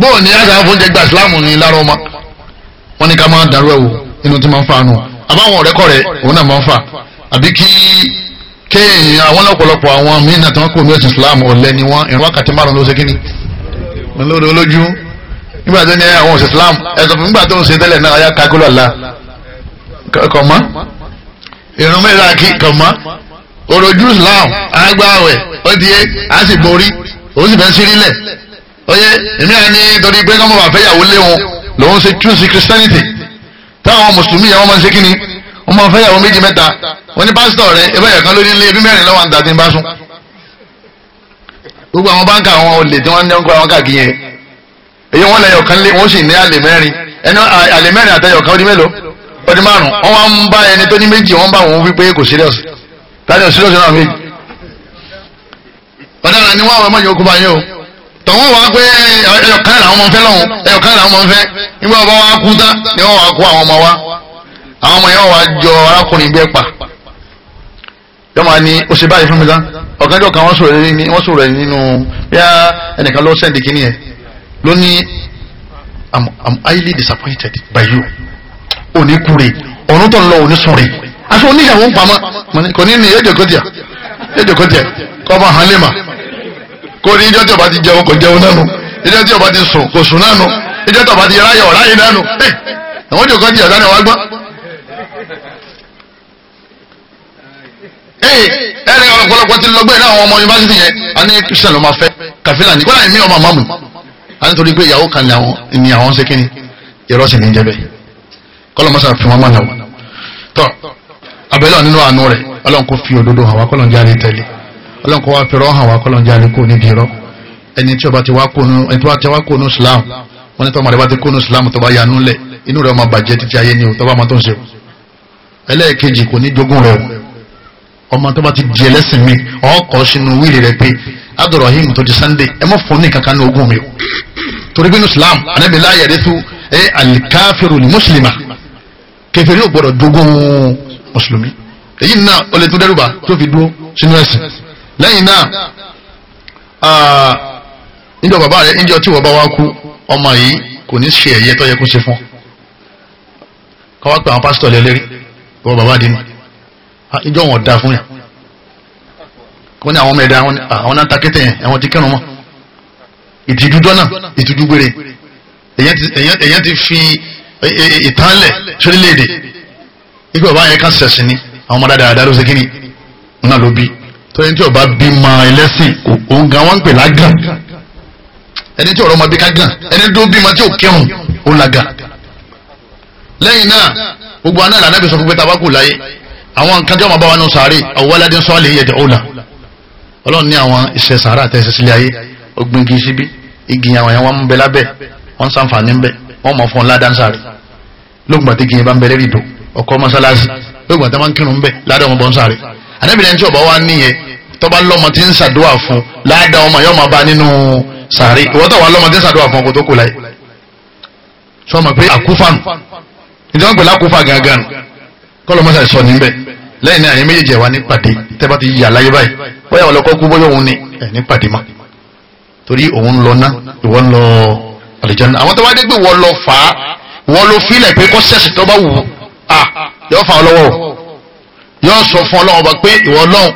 Speaker 1: bóò ní àṣà àfóúnjẹ gba islam ní lára ọmọ wọn ni ká máa dàrú ẹ̀wò inú tí máa ń fa àánú àbáwọn ọ̀rẹ́kọ̀ rẹ̀ òun náà máa ń fa àbí kí kéèyàn àwọn lọ́pọ̀lọpọ̀ àwọn míín náà tí wọ́n kò ní ẹ̀sìn islam ọ̀lẹ́ ni wọ́n ìrún wákàtí márùn-ún ló ṣe kí ni olójú nígbà tó ní eh, àwọn òsè Islam ẹ̀sọ́ fún nígbà tó ń ṣe tẹ́lẹ̀ náà ayá kakúlọ̀ la kọ̀ mọ́ ìrún mẹ́ta kí kọ̀ mọ́ orojú Islam agbáwẹ̀ ó di yé a sì borí ó sì fẹ́ sírílẹ̀ ó yẹ èmi náà ní torí pé kọ́mọ́ bàfẹ́ yàwó lé wọn lòun ṣe túnṣe Christianity táwọn mùsùlùmí yàwó máa ń ṣe kí ni wọ́n máa fẹ́ yàwó méjì mẹ́ta wọ́n ní pásítọ̀ rẹ ẹbẹ́ yẹ̀kan ló ní ilé ẹbí mẹ́rin lọ́wọ́ àǹtà tí ń bá sùn gbogbo àwọn báńkà àwọn olè tí wọ́n ń jẹun kó àwọn káàkiri yẹn èyí wọn lẹyọ kan lé wọn sì ní àlè mẹ́rin ẹni àlè mẹ́rin àtẹyọ kan ó di mélòó ó di márùn wọn wá ń bá ẹni tó ní méjì wọn bá wọn wípé kò serious tani ò serious náà méjì ọ̀daràn ni wọn àwọn ọmọ yòókù bá yín o tọ̀wọ́n wá pé ẹyọ kan làwọn ọmọ fẹ́ lọ́hùn ẹyọ làwọn ọmọ fẹ́ nígbà wọn wá kú tán ni wọn wá kó àwọn ọmọ wa àwọn ọmọ yẹn wá jọ arákùnrin bí pa yọmọ ni o ṣe báyìí fún mi tán ọ̀gájọ́ kan wọ́n sọ̀rọ̀ ẹni nínú bí ẹnìkan ló sẹ́ǹdì kínní ló ní i'm highly disappointed by you òní kure ọ̀run tó ń lọ òní sunre aṣọ oníyàwó ń pamọ́ kò ní ní ẹjọ kọjá ẹjọ kọjá kọ́ ọba hàn lè mà kó ní ìjọ tí ọba ti jẹun kò jẹun nánu ìjọ tí ọba ti sùn kò sùn nánu ìjọ tí ọba ti ráyè ọ̀ráyè nánu ẹ àwọn ìjọ kọjá ọ̀dá ni wàá gbọ́.
Speaker 2: ee ẹ̀rẹ̀ ọ̀pọ̀lọpọ̀ ti lọ gbé náà àwọn ọmọ yunifásitì yẹn a ní kristian ló
Speaker 1: máa fẹ́ kàfílà ní ọmọ àmàmù a nítorí pé ìyàwó kan ni àwọn ṣe kíni ìrọ́ sì ní jẹ́ bẹ́ẹ̀ kọ́lọ́mọ́sá fi wọ́n mọ́ náà tọ́ abẹ́lẹ́ nínú àánú rẹ̀ ọlọ́nkó fi òdodo hàn wá kọ́lọ́n jáde tẹ̀lé ọlọ́nkó wá fi rọ́ hàn wá kọ́lọ́n jáde kó nídìí rọ́ ẹni tí ó bá ti wá kó nù Islam wọ́n ní tọ́mọ̀ rẹ̀ bá ti kó nù Islam tó bá yanú lẹ̀ inú rẹ̀ ó máa bàjẹ́ títí ayé ni ò tọ́ba máa ń ṣe ẹlẹ́ẹ̀kejì kò ní jogún rẹ̀ ọmọ tó ti di ẹlẹ́sìn mi ọkọ̀ sínú wíìlì rẹ̀ pé abdulrahim tó di sunday ẹ mọ̀ fún ní kankan ní ogún mi o torí bínú islam anabi láàyè ẹ̀rẹ́ tó ẹ alikafiru ni Muslima. kẹfẹ́rẹ́ o gbọ́dọ̀ dogun mùsùlùmí èyí náà ó lè tún dẹ́rùbà tó fi dúró sínú ẹ̀sìn lẹ́yìn náà níjọ bàbá rẹ níjọ tí wọ́n bá wá kú ọmọ yìí kò ní ṣe ẹ̀yẹ tó yẹ kó ṣe fún káwá pé àwọn pásítọ̀ lé lérí bàbá dín ní ìjọ wọn dáa fún yàn wọ́n ní àwọn ọmọ ẹ̀dá ah, àwọn náà takẹ́tẹ̀ yẹn àwọn ti kẹ́rùn mọ́ ìtìjú dọ́nà ìtìjú gbére èyàn ti fi ìtànlẹ̀ sórílẹ̀-èdè nígbà bá yẹn ká sẹ̀sìn ni àwọn ọmọ dáadáa ló ṣe kí ni náà ló bí tọ́yẹ́ tí ọba bí ma ẹlẹ́sìn òun gan wọ́n ń pè lágàn ẹni tí ọ̀rọ̀ ọmọ bí kágàn ẹni tó bí ma tí ò kẹ́hùn ó lagàn lẹ́yìn náà gbogbo anáàlà anábìsọ fún pé tabakù láyé àwọn nǹkan tí wọ́n bá wà nù sàárè àwọn wàládé sọ́ọ̀lì yẹ̀dẹ̀ ọ̀la ọlọ́run ní àwọn iṣẹ́ sàárà àtẹ́sẹ̀ sílé ayé ogun igi síbí igi àwọn yẹn wọ́n ń bẹ lábẹ́ wọ́n ń sàǹfààní ń bẹ wọ́n mọ̀ fún un ládàá sáré lóògùn àti igi yẹn bá ń bẹ lérí ìdò ọkọ mọ́sálásí lóògùn àti máa ń kírun ń bẹ ládàá wọn bọ́ ń sáré àdébìnrin tí ọba wa níyẹn tọ́ba lọ́mọ tí ń ṣàdúrà fún ládàá ọmọ yóò máa bá nínú sáré lẹ́yìn náà ẹ̀yin méjèèjì ẹ̀wà ní pàdé tẹ́bá ti yà láyé báyìí bóyá ọ̀lọ́kọ́ kú bóyá òun ni ẹ̀ ní pàdé ma torí òun ń lọ ná ìwọ ń lọ àlìjáná àwọn tó bá dé pé wọ́n lọ fà á wọ́n ló fílẹ̀ pé kó sẹ̀sì tó bá wù ú à yọ fà ọ́ lọ́wọ́ o yọ sọ fún ọlọ́run ọba pé ìwọ ọlọ́run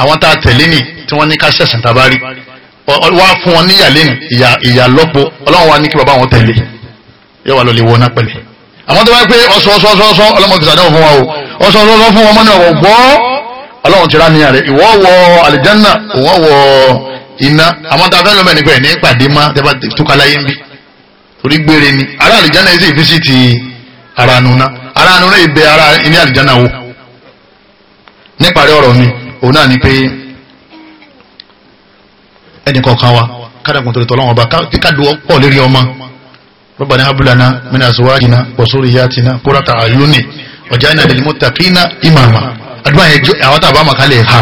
Speaker 1: àwọn tá a tẹ̀lé ni tí wọ́n ní ká sẹ̀sì tá a bá rí wá fún wọn níyà lẹ́nu ìyà ìyà lọ́pọ̀ ọlọ́run wa ní kí bàbá wọn tẹ̀lé yọ wà lọ lè wọ náà pẹ̀lẹ́ àwọn tó bá pé ọ̀sọ̀ ọ̀sọ̀ ọ̀sọ̀ ọlọ́mọ fìsà náà fún wa o ọsọ ọlọ́lọ́ fún ọmọ náà ọgbọ́
Speaker 2: ọlọ́run ti rá ní ààrẹ ìwọ́ wọ àlìjánà
Speaker 1: ìwọ́ wọ iná àwọn ta a fẹ́ lọ́mọ nípa ẹ̀ ní ìpàdé má ń bí torí gbére ni ará àlìjánà yìí sì fi sí ti ara nuna ara nuna ìbẹ ara ní àlìjánà wo níparí ọ̀rọ̀ mi òun náà ni pé ẹnì kọ̀ọ̀kan wa kádàkùn ọba ọmọ ọ̀já náà lè mú tàkínà ìmàmà àdúrà yẹn àwọn tá a bá mà kálẹ̀ ha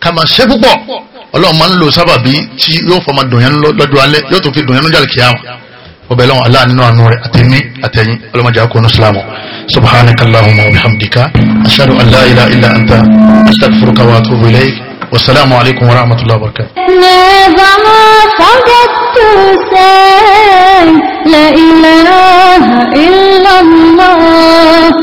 Speaker 1: ká máa ṣe púpọ̀ ọlọ́run máa ń lo sábàbí tí yóò fọmọ dùnyẹn lọ́dún alẹ́ yóò tún fi dùnyẹn lọ́jọ́ kíyámà ọbẹ̀ lọ́wọ́ aláà nínú àánú rẹ̀ àtẹ̀mí àtẹ̀yìn ọlọ́mọdé akọ́nù sílámù subhanaka allahumma wa bihamdika ashhadu an la ilaha illa anta astaghfiruka wa atubu ilayk والسلام عليكم ورحمة الله وبركاته ما فقدت لا إله إلا الله